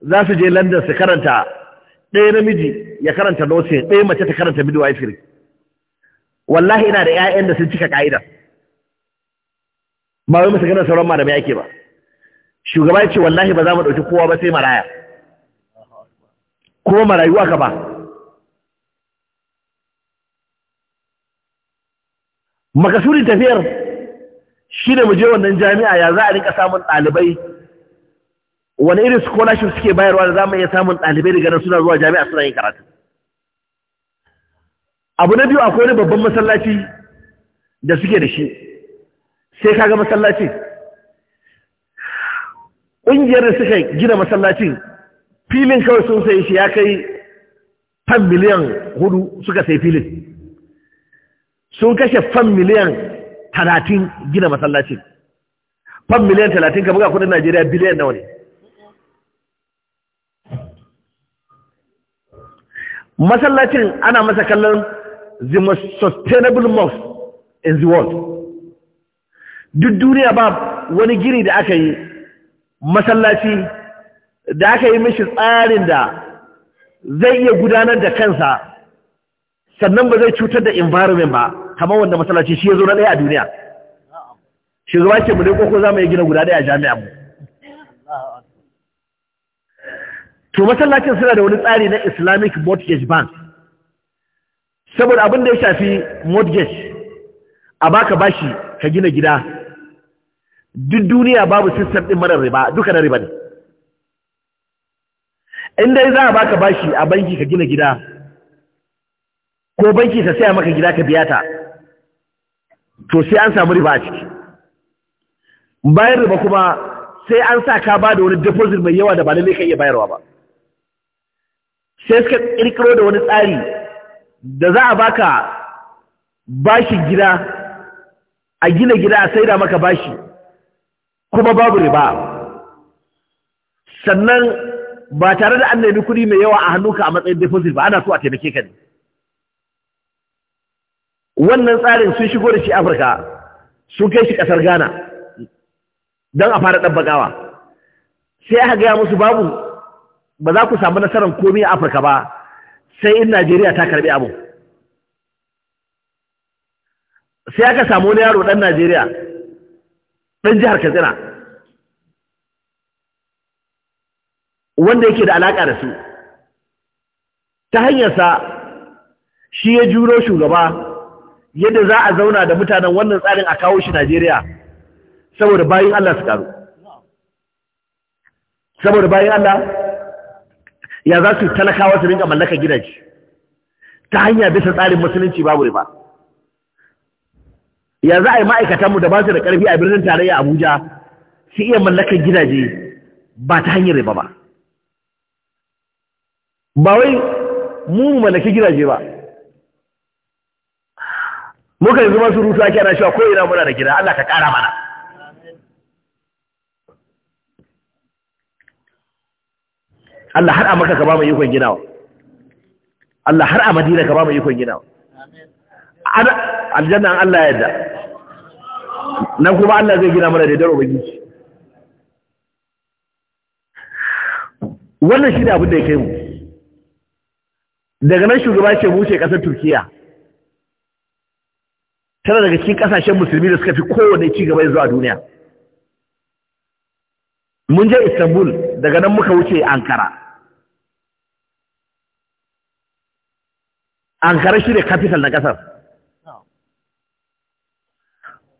za su je London su karanta ɗaya namiji ya karanta nursing ɗaya mace ta karanta midwifery wallahi ina da 'ya'yan da sun cika ka'ida ba wai musu ganin sauran malamai ake ba shugaba ya ce wallahi ba za mu ɗauki kowa ba sai maraya kuma marayu aka ba makasurin tafiyar shi ne mu je wannan jami'a ya za a rinka samun ɗalibai wani irin scholarship suke bayarwa da za mu iya samun ɗalibai daga nan suna zuwa jami'a suna yin karatu abu na biyu akwai wani babban masallaci da suke da shi sai kaga masallaci ƙungiyar da suka gina masallacin filin kawai sun sai shi ya kai fan miliyan hudu suka sai filin sun kashe fan miliyan talatin gina masallacin fan miliyan talatin ka buga kudin najeriya biliyan nawa ne masallacin ana masa kallon the most sustainable mosque in the world duk duniya ba wani gini da aka yi masallaci da aka yi mishi tsarin da zai iya gudanar da kansa sannan ba zai cutar da environment ba kamar wanda masallaci shi ya zo na ɗaya a duniya shugaba ce mu ne ko za mu yi gina guda ɗaya a jami'a mu to masallacin suna da wani tsari na islamic mortgage bank saboda abin da ya shafi mortgage a baka bashi ka gina gida duk duniya babu sistem ɗin marar riba duka na riba ne inda za a baka bashi a banki ka gina gida ko banki ta saya maka gida ka biya ta to sai an samu riba a ciki bayan riba kuma sai an sa ka ba da wani deposit mai yawa da ba lalle ka iya bayarwa ba sai suka ƙirƙiro da wani tsari da za a baka bashi gida a gina gida a sai da maka bashi kuma babu riba sannan ba tare da an nemi kuɗi mai yawa a hannunka a matsayin deposit ba ana so a taimake ka ne wannan tsarin sun shigo da shi afirka sun kai shi ƙasar ghana don a fara ɗabbaƙawa sai aka gaya musu babu ba za ku samu nasarar komi a afirka ba sai in najeriya ta karbi abu sai aka samu wani yaro ɗan najeriya ɗan jihar katsina wanda yake da alaƙa da su ta hanyarsa shi ya juro shugaba yadda za a zauna da mutanen wannan tsarin a kawo shi najeriya saboda bayan allah su karu saboda bayan allah ya za su talakawa su rinka mallaka gidaje ta hanya bisa tsarin musulunci babu riba ya za a yi ma'aikatanmu da ba su da ƙarfi a birnin tarayya abuja su iya mallakan gidaje ba ta hanyar riba ba ba wai mu mallaki gidaje ba muka yi zuma su rutu ake ana shi a ko'ina muna da gida allah ka ƙara mana Allah har a maka ka ba mu ikon ginawa Allah har a madina ka ba mu ikon ginawa aljanna an Allah yadda nan kuma Allah zai gina mana da daro baki wannan shi ne abin da ya kai mu daga nan shugaba ce mu ce kasar Turkiya tana daga cikin kasashen musulmi da suka fi kowane ci gaba zuwa duniya mun je Istanbul daga nan muka wuce Ankara kare shi ne capital na ƙasar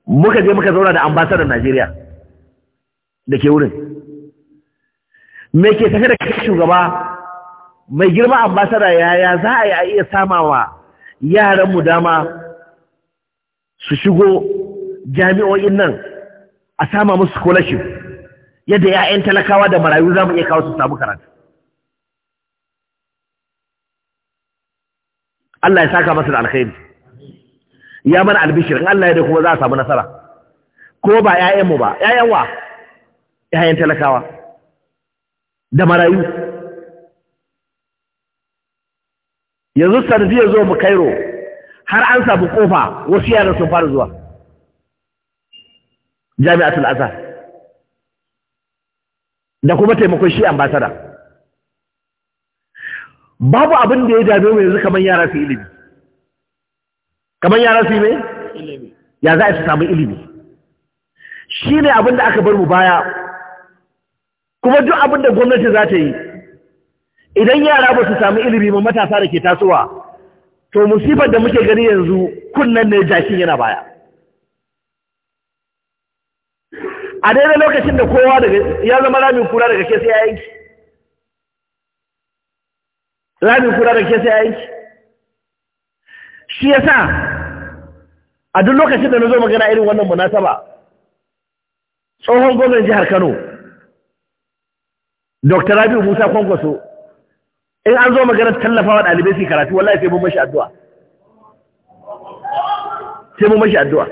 muka je muka zauna da ambasadar najeriya da ke wurin me ke tafi da kai shugaba mai girma ambasada yaya za a yi a iya samawa yaranmu dama su shigo jami'o'in nan a sama musu scholarship yadda 'ya'yan talakawa da marayu za mu iya kawo su samu karatu Allah ya saka masa da alkhairi ya mana albishir in Allah ya da kuma za a samu nasara ko ba ƴaƴanmu ba ƴaƴan wa ƴaƴan talakawa da marayu yanzu sanadiyar zuwa mu kairo har an samu kofa wasu yaran sun fara zuwa jami'atul azhar da kuma taimakon shi ambasada babu abin da ya dame mu yanzu kamar yara su ilimi kamar yara su ilimi ya za a su samu ilimi shi ne abin da aka bar mu baya kuma duk abin da gwamnati za ta yi idan yara ba su samu ilimi ma matasa da ke tasowa to musifar da muke gani yanzu kunnan ne jakin yana baya a daidai lokacin da kowa daga ya zama ramin kura daga ke sai ya yanki rami kura da ke sai aiki shi ya sa a duk lokacin da na zo magana irin wannan munasaba tsohon gwamnan jihar kano dr rabiu musa kwankwaso in an zo magana tallafawa ɗalibai su karatu wallahi sai mun mashi addu'a sai mun mashi addu'a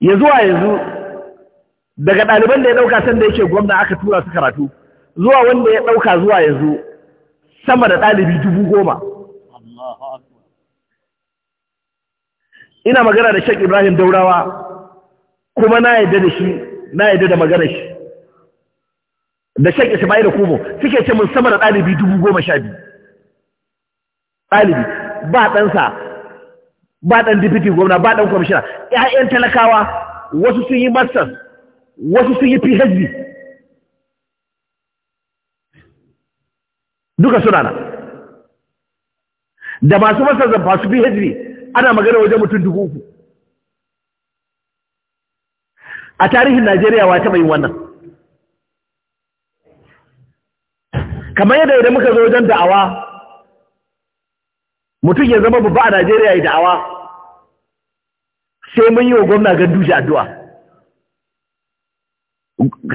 ya zuwa yanzu daga ɗaliban da ya ɗauka sanda yake gwamna aka tura su karatu zuwa wanda ya ɗauka zuwa yanzu sama da ɗalibi dubu goma ina magana da shek ibrahim daurawa kuma na yadda da shi na yadda da magana shi da shek ismail kubo suke ce mun sama da ɗalibi dubu goma sha biyu ɗalibi ba ɗansa ba ɗan dipiti gwamna ba ɗan kwamishina ‘ya'yan talakawa wasu sun yi masters wasu sun yi phd duka suna nan da masu da basu bi PhD ana magana wajen mutum dubu uku a tarihin Najeriya wa taɓa yin wannan kamar yadda idan muka zo wajen da'awa mutum ya zama babba a Najeriya ya da'awa sai mun yi wa gwamna ganduje addu'a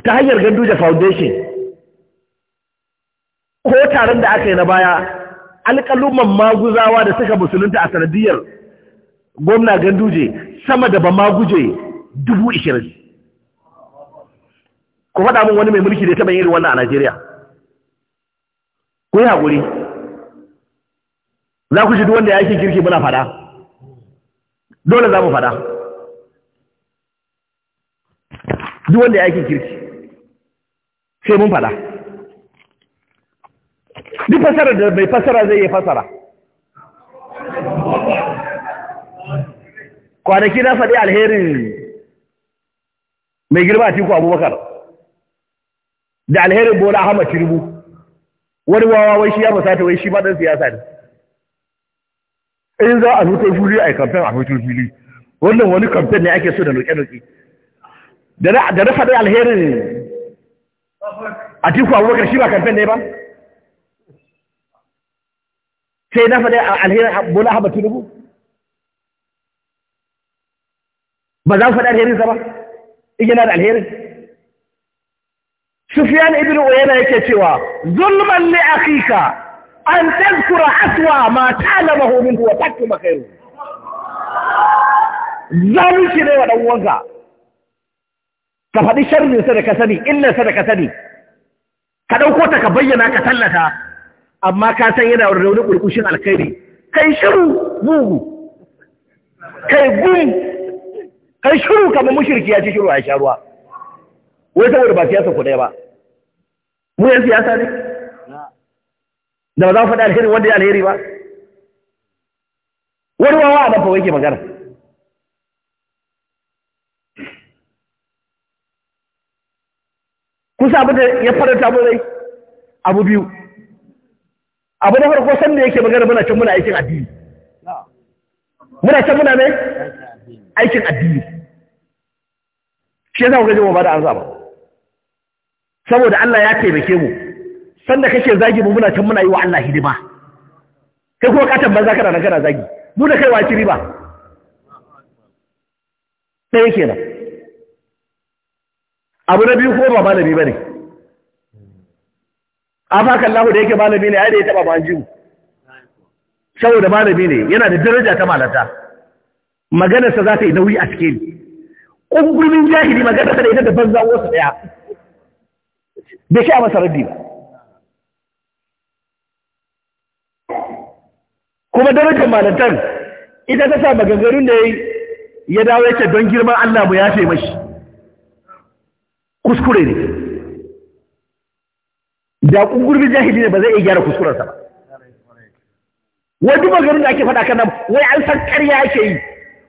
ta hanyar ganduje foundation taron da aka yi na baya alƙaluman maguzawa da suka musulunta a sanadiyar gwamna ganduje sama da ba maguje dubu ishirin ku faɗa min wani mai mulki da ya taɓa iri wannan a najeriya ku yi haƙuri za ku shi duk wanda ya ake kirki muna faɗa dole za mu faɗa duk wanda ya ake kirki sai mun faɗa duk fasara da mai fasara zai yi fasara kwanaki na faɗi alherin mai girma tiku abubakar da alherin bola ahmad tinubu wani wawa wai shi ya musata wai shi maɗan siyasa ne in za a hutun fili a yi kamfen a hutun fili wannan wani kamfen ne ake so da noke-noke da na faɗi alherin a tiku abubakar shi ba kamfen ne ba sai na faɗi alherin bola haɓa tinubu ba za mu faɗi alherinsa ba in yana da alherin sufiyan ibn uyana yake cewa zulman ne li akika an tazkura aswa ma na minhu wa takuma khairu zalunci ne wa dan uwanka ka faɗi sharrin sa da ka sani illar sa da ka sani ka ɗauko ta ka bayyana ka tallata amma ka san yana da raunin ƙulƙushin alkhairi kai shiru bugu kai gum kai shiru kamar mushirki ya ce, shiru a sharuwa wai saboda ba siyasa ku ɗaya ba mu yan siyasa ne da ba za mu faɗi alheri wanda ya alheri ba wani wawa a nafa wake magana kusa abin da ya faranta mu rai abu biyu abu na farko sanda yake magana muna can muna aikin addini muna can muna mai aikin addini shi za ku gaji ba da an zaba saboda Allah ya taimake mu sanda kake zagi mu muna can muna yi wa Allah hidima kai kuma katan banza kana nan kana zagi mu da kai waci riba ɗaya kenan abu na biyu kuma ba malami bane afa kallahu da yake malami ne ai da ya taba manjiu saboda malami ne yana da daraja ta malata maganarsa za ta yi nauyi a cikin ƙungurin jahili maganarsa da ita da banza wasu ɗaya bai sha masa rabbi ba kuma darajar malantar ita ta sa maganganun da ya dawo yake don girman Allah mu yafe mashi kuskure ne da kungurbi jahili ne ba zai iya gyara kuskurarsa ba wai duk maganin da ake faɗa kan nan wai an san ƙarya ake yi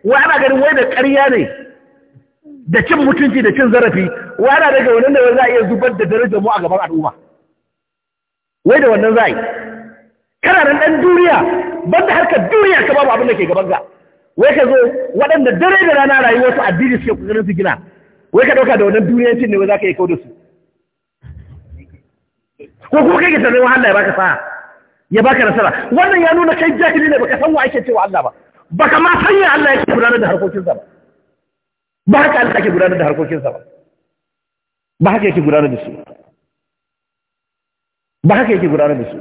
wai ana garin wai da ƙarya ne da cin mutunci da cin zarafi wai ana daga wannan da za a iya zubar da darajar mu a gaban al'umma wai da wannan za a yi kana nan ɗan duniya ban da harkar duniya ka babu abin da ke gaban ga wai ka zo waɗanda dare da rana rayuwarsu addini suke ƙoƙarin su gina wai ka ɗauka da wannan duniyancin ne wai za ka yi kau da su ko kuma kai ka sanin wa Allah ya baka sa'a ya baka nasara wannan ya nuna kai jahili ne baka san wa ake cewa Allah ba baka ma san ya Allah yake gudanar da harkokinsa ba ba haka Allah yake gudanar da harkokinsa ba ba haka yake gudanar da su ba haka yake gudanar da su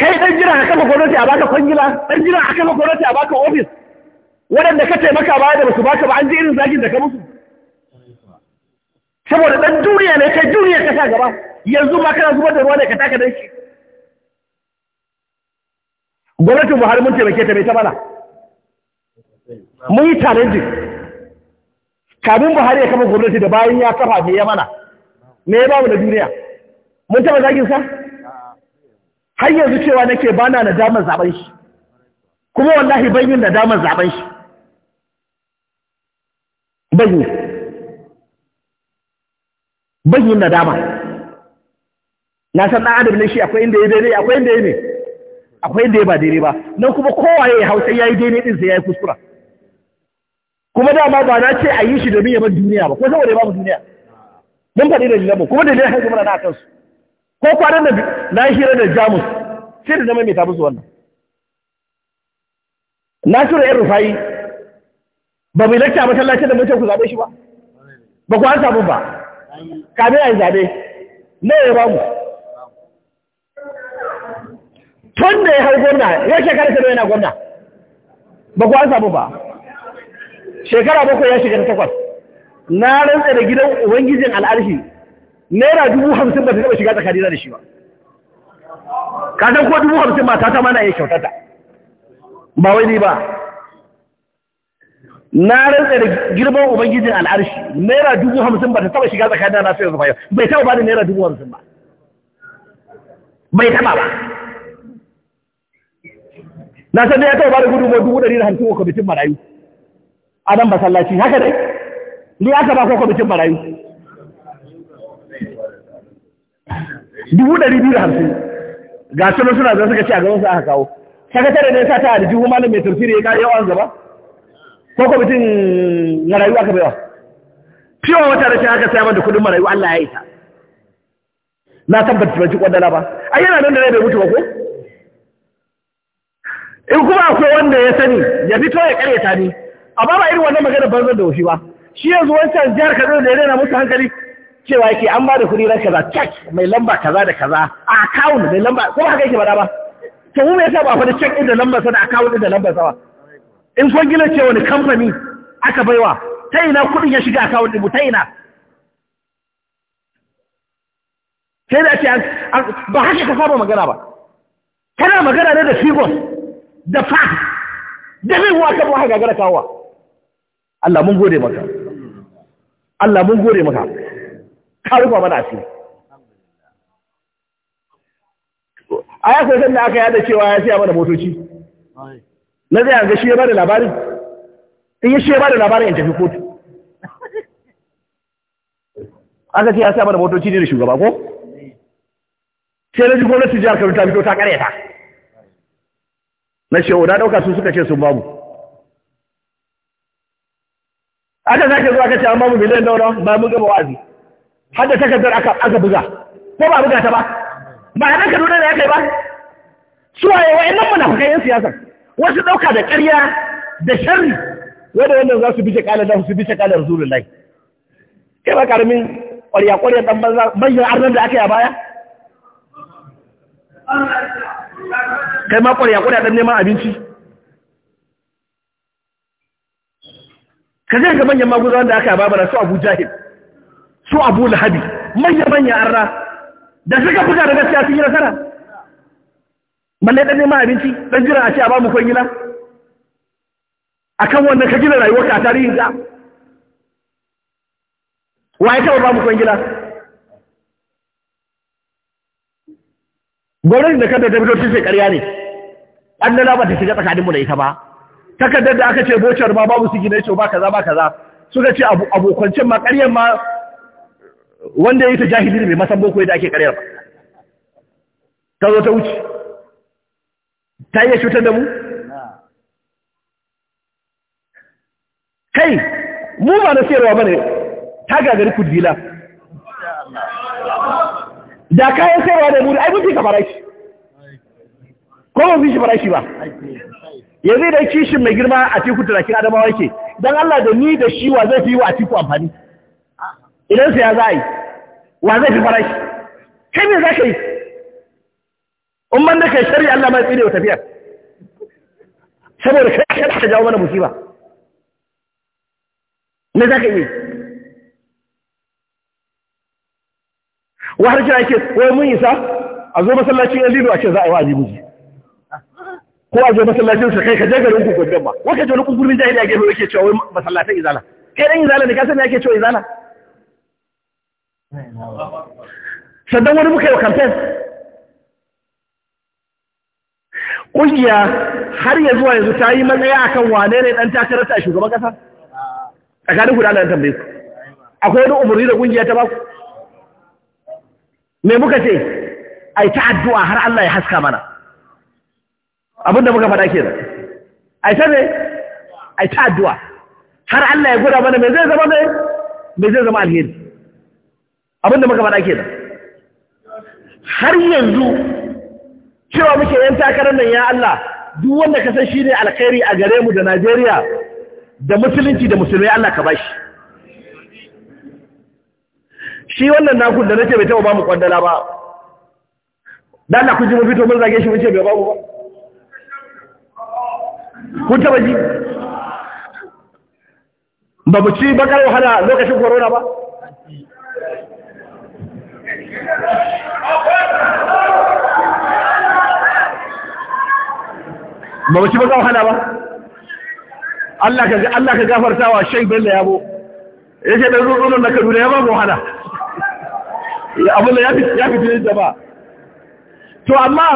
kai dan jira a kafa gwamnati a baka kwangila dan jira a kafa gwamnati a baka ofis waɗanda ka taimaka baya da basu baka ba an ji irin zagin da ka musu saboda ɗan duniya ne kai duniya ka sa gaba yanzu ma kana zubar da ruwa da ka taka da shi gwamnatin buhari mun taimake ta mai ta mana mun yi challenge kamin buhari ya kama gwamnati da bayan ya kafa mai ya mana me ya bamu da duniya mun taɓa zagin sa har yanzu cewa nake ba na damar zaben shi kuma wallahi ban yi da damar zaben shi ban yi ban yin nadama na san ɗan adam ne shi akwai inda ya daidai akwai inda ya ne akwai inda ya ba daidai ba nan kuma kowa ya hausa ya yi daidai ɗinsa sai ya yi kuskura kuma dama ba na ce a yi shi domin ya duniya ba ko saboda ya ba mu duniya mun faɗi da lilamu kuma da lilamu haihu mana na kansu ko kwanan da na hira da jamus sai da zama mai tabi su wannan na tura yan rufayi ba mai lakta masallacin da mun ce ku zaɓe shi ba ba ku an samu ba kamin a zaɓe na ya bamu tun da ya hau gwamna yau shekara ta yana gwamna ba ku an samu ba shekara bakwai ya shekara takwas na rantsa da gidan ubangijin al'arshi naira dubu hamsin ba ta taɓa shiga tsakanina da shi ba ka san ko dubu hamsin ba ta ta mana ya kyautata ba wai ni ba na rantsa da girman ubangijin al'arshi naira dubu hamsin ba ta taba shiga tsakanin na sai zafayar bai taba da naira dubu hamsin ba bai taba ba na san da ya taba da gudunmu dubu ɗari da hamsin wa kwamitin marayu a nan ba sallaci haka dai ni aka ba ko kwamitin marayu dubu ɗari biyu da hamsin ga sunan suna zan suka ce a gaban su aka kawo sakatare ne sa ta aljihu malam mai tafsiri ya kawo yawan gaba ko kwamitin marayu aka baiwa fiye wata da shi aka saya wanda kudin marayu Allah ya yi ta na tabbata ban ci kwadala ba a yana nan da rai bai mutu ba ko in kuma akwai wanda ya sani ya fito ya karyata ni amma ba irin wannan magana banzan da wasu ba shi yanzu wancan jihar Kaduna da ya rena musu hankali cewa yake an ba da kuɗi na kaza cek mai lamba kaza da kaza a account mai lamba ko haka yake ba da ba to mu me yasa ba fa da cek din da lambar sa da account din da lambar sa ba in gina ce wani kamfani aka baiwa ta ina kudin ya shiga akawun ɗin ta ina Ta da ce ba haka ka saba magana ba kana magana ne da figos da fa da zai wa kan wahaka gara kawo Allah mun gode maka Allah mun gode maka ka rufa mana asiri a yasa da aka yada cewa ya siya mana motoci na zai ga shi ya bada labarin in yi shi ya bada labarin in tafi kotu aka ce ya sa bada motoci ne da shugaba ko sai na ji su jihar kano ta fito ta karyata na ce oh, na dauka su suka ce sun babu aka zake zuwa ka ce an babu miliyan daura ba mun gaba wa'azi har da takardar aka buga ko ba buga ta ba ba ya nan kaduna da ya kai ba suwaye wa'in nan munafukan yin siyasar wasu ɗauka da ƙarya da shari wadda wannan za su bi shakalar da su bi shakalar lai kai ba ƙaramin ƙwarya ƙwarya ɗan banza bayyana arnar da aka yi a baya kai ma ƙwarya ƙwarya ɗan neman abinci ka zai ga manyan maguza wanda aka yi a babara su abu jahil su abu lahabi manya-manya arna da suka buga daga gaskiya sun yi nasara balle dan neman abinci don jira a ce a ba mu A kan wannan ka gina rayuwar ka tarihin ka ya ka ba mu gina gwamnati da kada ta fito karya ne an lala ba ta shiga tsakaninmu da ita ba takardar da aka ce bocar ma babu su gina ba kaza ba kaza suka ce abokancin ma karyar ma wanda ya yi ta jahilin mai masan boko yadda ake karyar ba ta zo ta wuce ta iya cutar da mu kai mu ma na sayarwa ba ne ta gagari kudila da kayan sayarwa da muri aibun ka farashi ko ba fi shi farashi ba yanzu idan kishin mai girma a teku turakin adamawa yake don Allah da ni da shi wa zai fi yi wa a teku amfani idan su ya za a yi wa zai fi farashi kai me za ka yi in man da kai shari'a Allah mai tsire wa tafiyar saboda kai shari'a ta jawo mana musiba me zaka yi wa har kira ake wai mun yi sa a zo masallacin yan lido a ce za a yi wa'azi miji ko a zo masallacin sa kai ka je garin ku gobe ba waka je lokacin gurbin a gefe yake cewa wai masallatan izala kai dan izala ne ka san me yake cewa izala sannan wani muka yi wa campaign ƙungiya har ya zuwa yanzu ta yi matsaya a kan wane ne ɗan takarar ta shugaban ƙasa? Tsakanin guda nan tambaye ku. Akwai wani umarni da ƙungiya ta baku? Me muka ce, ai ta addu'a har Allah ya haska mana. Abin da muka faɗa ke nan. yi ta ne? Ai ta addu'a. Har Allah ya guda mana me zai zama ne? Me zai zama alheri. Abin da muka faɗa ke nan. Har yanzu cewa muke yan takarar nan ya Allah duk wanda ka san shine alkhairi a gare mu da Najeriya da musulunci da musulmai Allah ka bashi shi wannan naku da nake bai taɓa ba mu kwandala ba dan Allah ku ji mu fito mun zage shi mun ce bai ba mu ba kun taɓa ji ba mu ci bakar wahala lokacin corona ba ba ba ci ba wahala ba Allah ka Allah ka gafarta wa Sheikh Bello yabo ce da rurrun da Kaduna ya ba mu wahala abin da ya fi ya da ba to amma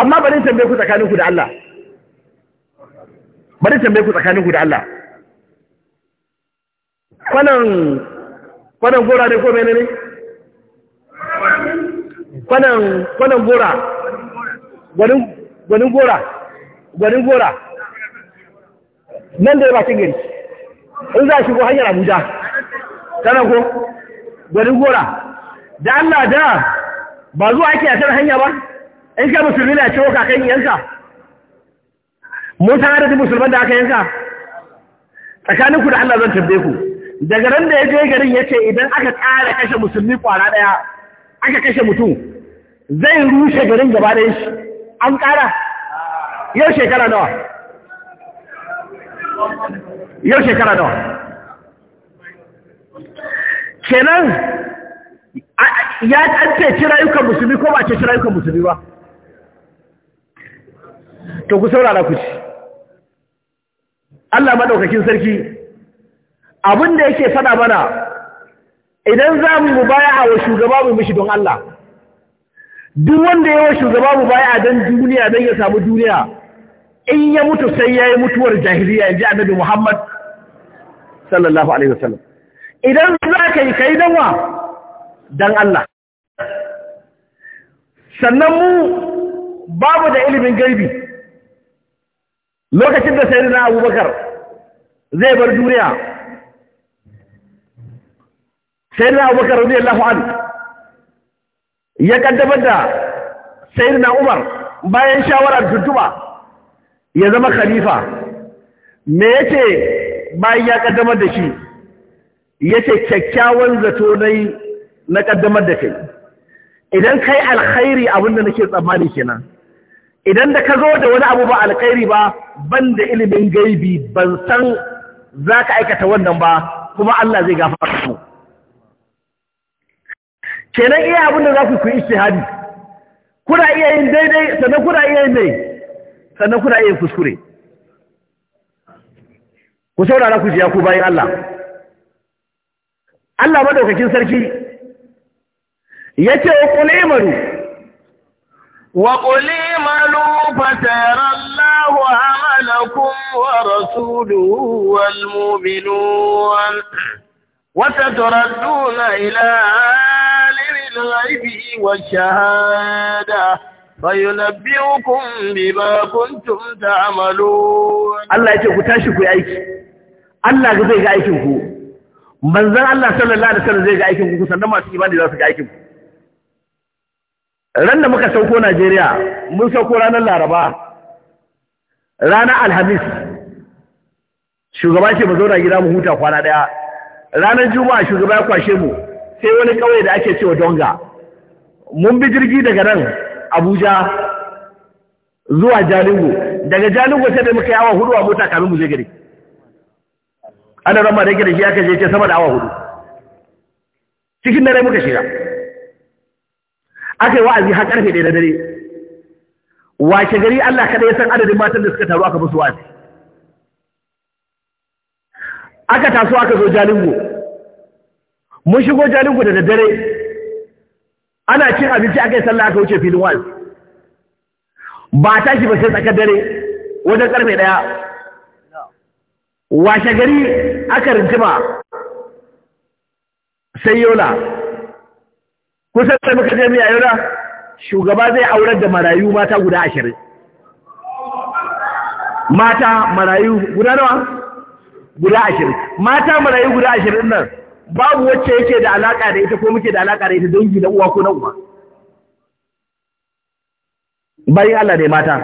amma bari tambaye ku tsakaninku da Allah bari tambaye ku tsakaninku da Allah kwanan kwanan gora ne ko menene kwanan kwanan gora gwanin gora gwanin gora nan da ya bakin gari in za a shigo hanyar abuja tana ko gwanin gora da allah da ba zuwa ake a tara hanya ba in ka musulmi na ciwo kakan yanka mun harin adadin musulman da aka yanka tsakaninku da allah zan tambaye ku daga ran da ya je garin ya ce idan aka ƙara kashe musulmi kwara ɗaya aka kashe mutum zai rushe garin gaba ɗaya shi an ƙara yau shekara nawa yau shekara nawa kenan ya ce cira yukan musulmi ko ba ce cira yukan musulmi ba to ku saurara ku ci Allah maɗaukakin sarki abinda yake faɗa mana idan za mu baya a wa shugaba mu mishi don Allah duk wanda yawa shugaba mu baya dan duniya dan ya samu duniya in ya mutu sai ya yi mutuwar jahiliya inji annabi Muhammad sallallahu alaihi wasallam idan zaka yi kai wa? dan Allah sannan mu babu da ilimin gaibi lokacin da na Abubakar zai bar duniya na Abubakar radiyallahu anhu ya kaddamar da na Umar bayan shawarar tuntuba ya zama khalifa me yace bayan ya kaddamar da shi Ya ce kyakkyawan zato yi na kaddamar da kai idan kai alkhairi abinda nake tsammani kenan idan da ka zo da wani abu ba alkhairi ba ban da ilimin gaibi ban san za ka aikata wannan ba kuma Allah zai gafa su kenan iya abin da za ku kuyi shahadi kuna iya yin daidai sannan kuna iya yin mai sannan kuna iya kuskure ku saurara ku ya ku bayan Allah Allah madaukakin sarki yace wa qul imaru wa qul imaru fatara Allah amalakum wa rasuluhu wal mu'minun wa sataradduna ila الغيب والشهادة فينبئكم بما كنتم تعملون الله يجب كتاشك أيك الله زي أيكمك manzan Allah sallallahu alaihi wasallam zai ga aikin ku sannan masu imani za su ga aikin ku ran da muka sauko Najeriya mun sauko ranar Laraba ranar Alhamis shugaba ce mu na gida mu huta kwana daya ranar Juma'a shugaba ya kwashe mu sai wani ƙauye da ake cewa donga mun bi jirgi daga nan abuja zuwa jalingo daga jalingo sai da muka yi awa hudu a mota kamin mu je gari ana ramar da gari ya je ce sama da awa hudu cikin dare muka shiga aka yi wa'azi har karfe ɗaya da dare wace gari Allah kada ya san adadin matan da suka taru aka musu wa'azi aka taso aka zo jalingo mun shigo jalinku da daddare ana cin abinci aka yi sallah aka wuce filin wal ba tashi ba sai tsakar dare wajen karfe daya washe gari aka rintima sai yola kusan da muka je miya yola shugaba zai aurar da marayu mata guda ashirin mata marayu guda nawa guda ashirin mata marayu guda ashirin nan babu wacce yake da alaka da ita ko muke da alaka da ita dangi na uwa ko na uwa bayan Allah ne mata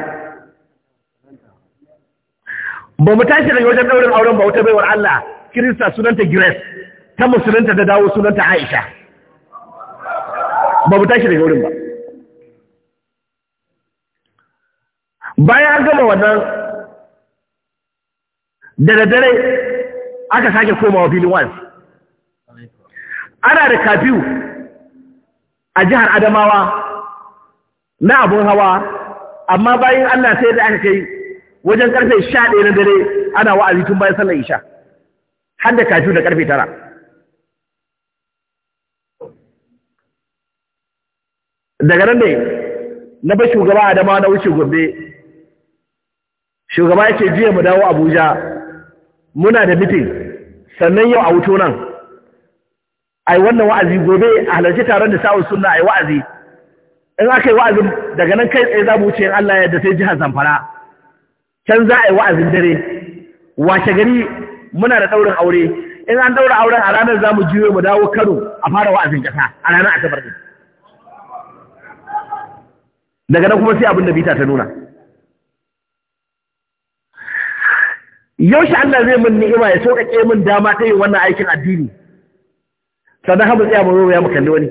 ba mu tashi daga wajen daurin auren ba wata baiwar Allah kirista sunanta Grace ta musulunta da dawo sunanta Aisha ba mu tashi daga wurin ba bayan an gama wannan da daddare aka sake komawa filin wansu ana da kafiyu a jihar Adamawa na abun hawa amma bayan Allah sai da aka kai wajen karfe sha ɗaya na dare ana wa'azi tun bayan sallar isha har da kafiyu da karfe tara daga nan ne na ba shugaba Adamawa na wuce gobe shugaba yake jiya mu dawo Abuja muna da mitin sannan yau a wuto nan ai wannan wa'azi gobe a halarci taron da sa'ul sunna ai wa'azi in aka yi wa'azin daga nan kai tsaye za mu wuce in Allah yadda sai jihar Zamfara can za a yi wa'azin dare washe gari muna da ɗaurin aure in an ɗaura auren a ranar za mu juyo mu dawo Kano a fara wa'azin ƙasa a ranar Asabar ne daga nan kuma sai abin da bita ta nuna yaushe Allah zai min ni'ima ya sauƙaƙe min dama ta yin wannan aikin addini sannan haɓar tsaye mu ya makalli wani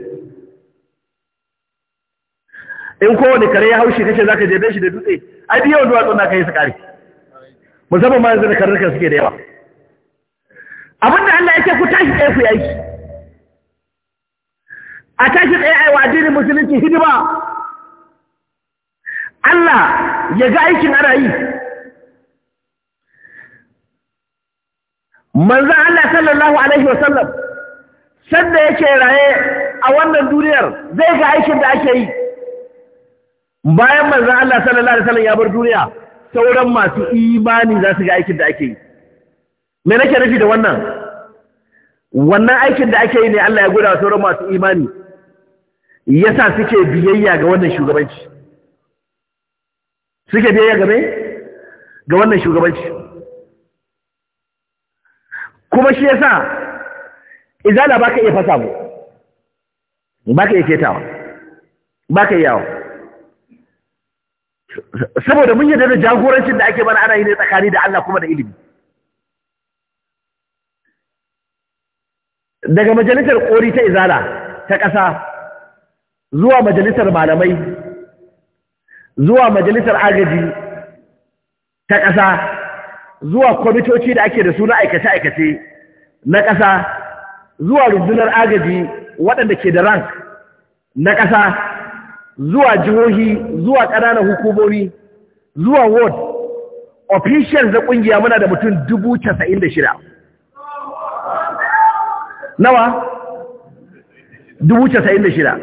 in kowane kare ya haushi za ka jebe shi da dutse a duk yawan duwatsun naka yi su ƙari musamman ma yanzu da karnukan suke da yawa abinda Allah yake ku tashi ɗaya ku yi a tashi tsaye ai wa addinin musulunci hidima Allah ya ga aikin ana yi manzan Allah sallallahu alaihi wasallam sanda yake raye a wannan duniyar zai ga aikin da ake yi bayan manzan Allah sallallahu alaihi wasallam ya bar duniya sauran masu imani za su ga aikin da ake yi me nake nufi da wannan wannan aikin da ake yi ne Allah ya gwada wa sauran masu imani yasa suke biyayya ga wannan shugabanci suke biyayya ga me ga wannan shugabanci kuma shi yasa izala baka iya fasa mu baka iya ketawa baka iya yawo saboda mun yarda da jagorancin da ake mana ana yi ne tsakani da Allah kuma da ilimi daga majalisar kori ta izala ta ƙasa zuwa majalisar malamai zuwa majalisar agaji ta ƙasa zuwa kwamitoci da ake da su na aikace-aikace na ƙasa zuwa rundunar agaji waɗanda ke da rank na ƙasa zuwa jihohi zuwa ƙananan hukumomi zuwa ward officials da ƙungiya muna da mutum dubu casa'in da shida nawa dubu casa'in da shida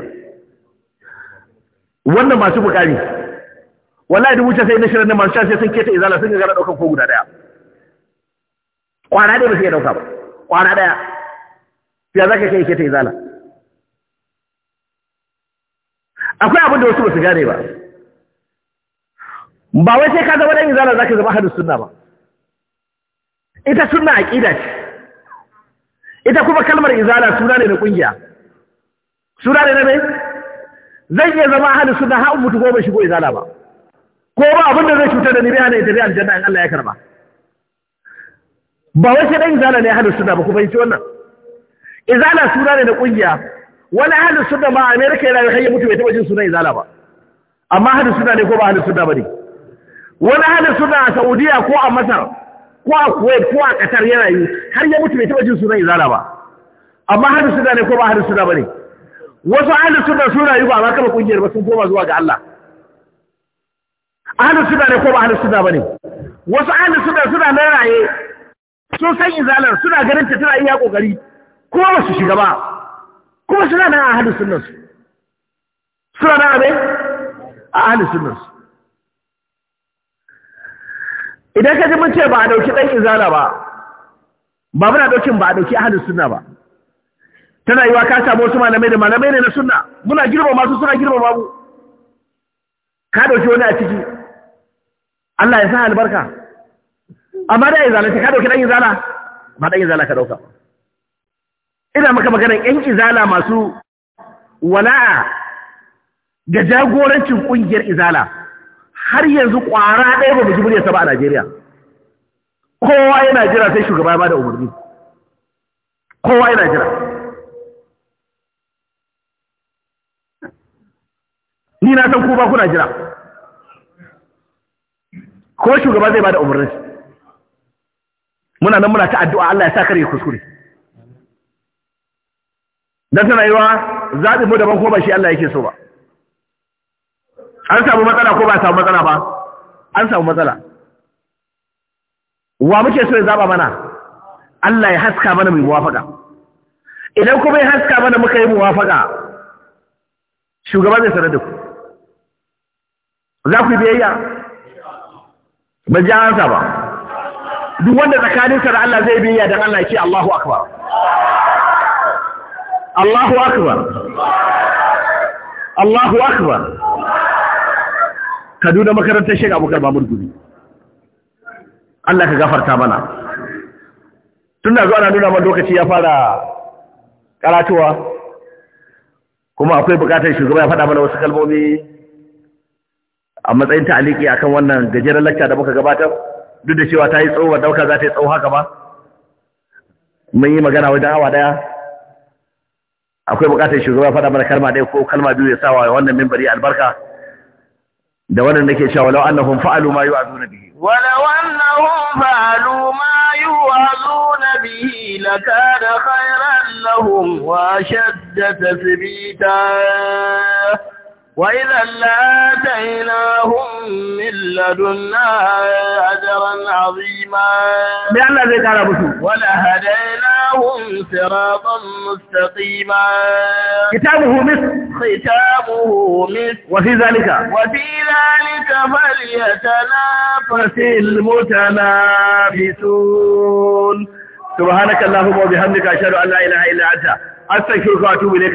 wannan masu buƙari. wallahi dubu casa'in da shida na masu shan sai sun keta izala sun gara ɗaukar ko guda ɗaya kwana ɗaya ba su iya ɗauka ba kwana ɗaya ya za ka kai ke ta izala akwai abin da wasu ba su gane ba ba wai sai ka zama ɗan izala za ka zama hadin suna ba ita a ƙida ce ita kuma kalmar izala suna ne na ƙungiya suna ne na mai zai iya zama hadin suna ha'un mutu ko bai shigo izala ba ko ba abin da zai cutar da ni bai hana ita aljanna in Allah ya karba ba wai sai ɗan izala ne hadin suna ba ku ci wannan izala suna ne na kungiya wani ahlus sunna ma America yana kai ya mutu bai taba jin sunan izala ba amma ahlus sunna ne ko ba suna sunna bane wani ahlus sunna a Saudiya ko a Masar ko a Kuwait ko a Qatar yana yi har ya mutu bai taba jin sunan izala ba amma ahlus sunna ne ko ba suna sunna bane wasu ahlus sunna suna yi ba ma kama kungiyar ba sun koma zuwa ga Allah ahlus sunna ne ko ba ahlus sunna bane wasu ahlus sunna suna nan raye sun san izalar suna ganin ta tana iya kokari kowa su shiga ba kuma suna nan a hannun sunansu suna nan abin a hannun sunansu idan ka ji mun ce ba a ɗauki ɗan izana ba ba muna ɗaukin ba a ɗauki hannun suna ba tana yiwa ka samu wasu malamai da malamai ne na suna, muna girma masu suna girma mu ka ɗauki wani a ciki Allah ya sa albarka amma da izalanta ka ɗauki ɗan izana ba ɗan izana ka ɗauka ba ina maka maganar yan izala masu wala'a ga jagorancin ƙungiyar izala har yanzu ƙwara ɗaya ba mu ji muryarsa ba a Najeriya kowa yana jira sai shugaba ba da umarni kowa yana jira ni na san ko ba kuna jira kowa shugaba zai ba da umarni muna nan muna ta addu'a Allah ya sa kare kuskure dan tana yiwa zabi mu daban ko ba shi Allah yake so ba an samu matsala ko ba samu matsala ba an samu matsala wa muke so ya zaba mana Allah ya haska mana mai muwafaka idan kuma ya haska mana muka yi muwafaka shugaba zai sanar da ku za ku yi biyayya ba ji an ba duk wanda tsakaninsa da Allah zai biyayya don Allah ya ce Allahu akbar Allahu akbar Allahu akbar Kaduna makarantar Sheikh Abubakar Mahmud Gumi Allah ka gafarta mana tun da zuwa na nuna man lokaci ya fara karatuwa kuma akwai bukatar shugaba ya faɗa mana wasu kalmomi a matsayin ta'aliki akan wannan gajeren lakca da muka gabatar duk da cewa ta yi tsawo dauka za ta yi tsawo haka ba mun yi magana wajen awa daya akwai bukatar shugaba faɗa mana kalma ɗaya ko kalma biyu ya sawa wannan mimbari albarka da wannan nake cewa walau annahum fa'alu ma yu'azuna bihi walau annahum fa'alu ma yu'azuna bihi lakana khayran lahum wa shadda tasbita. وإذا لآتيناهم من لدنا أجرا عظيما ولهديناهم صراطا مستقيما كتابه مثل ختامه مثل وفي ذلك وفي ذلك فليتنافس المتنافسون سبحانك اللهم وبحمدك أشهد أن لا إله إلا أنت أستغفرك وأتوب إليك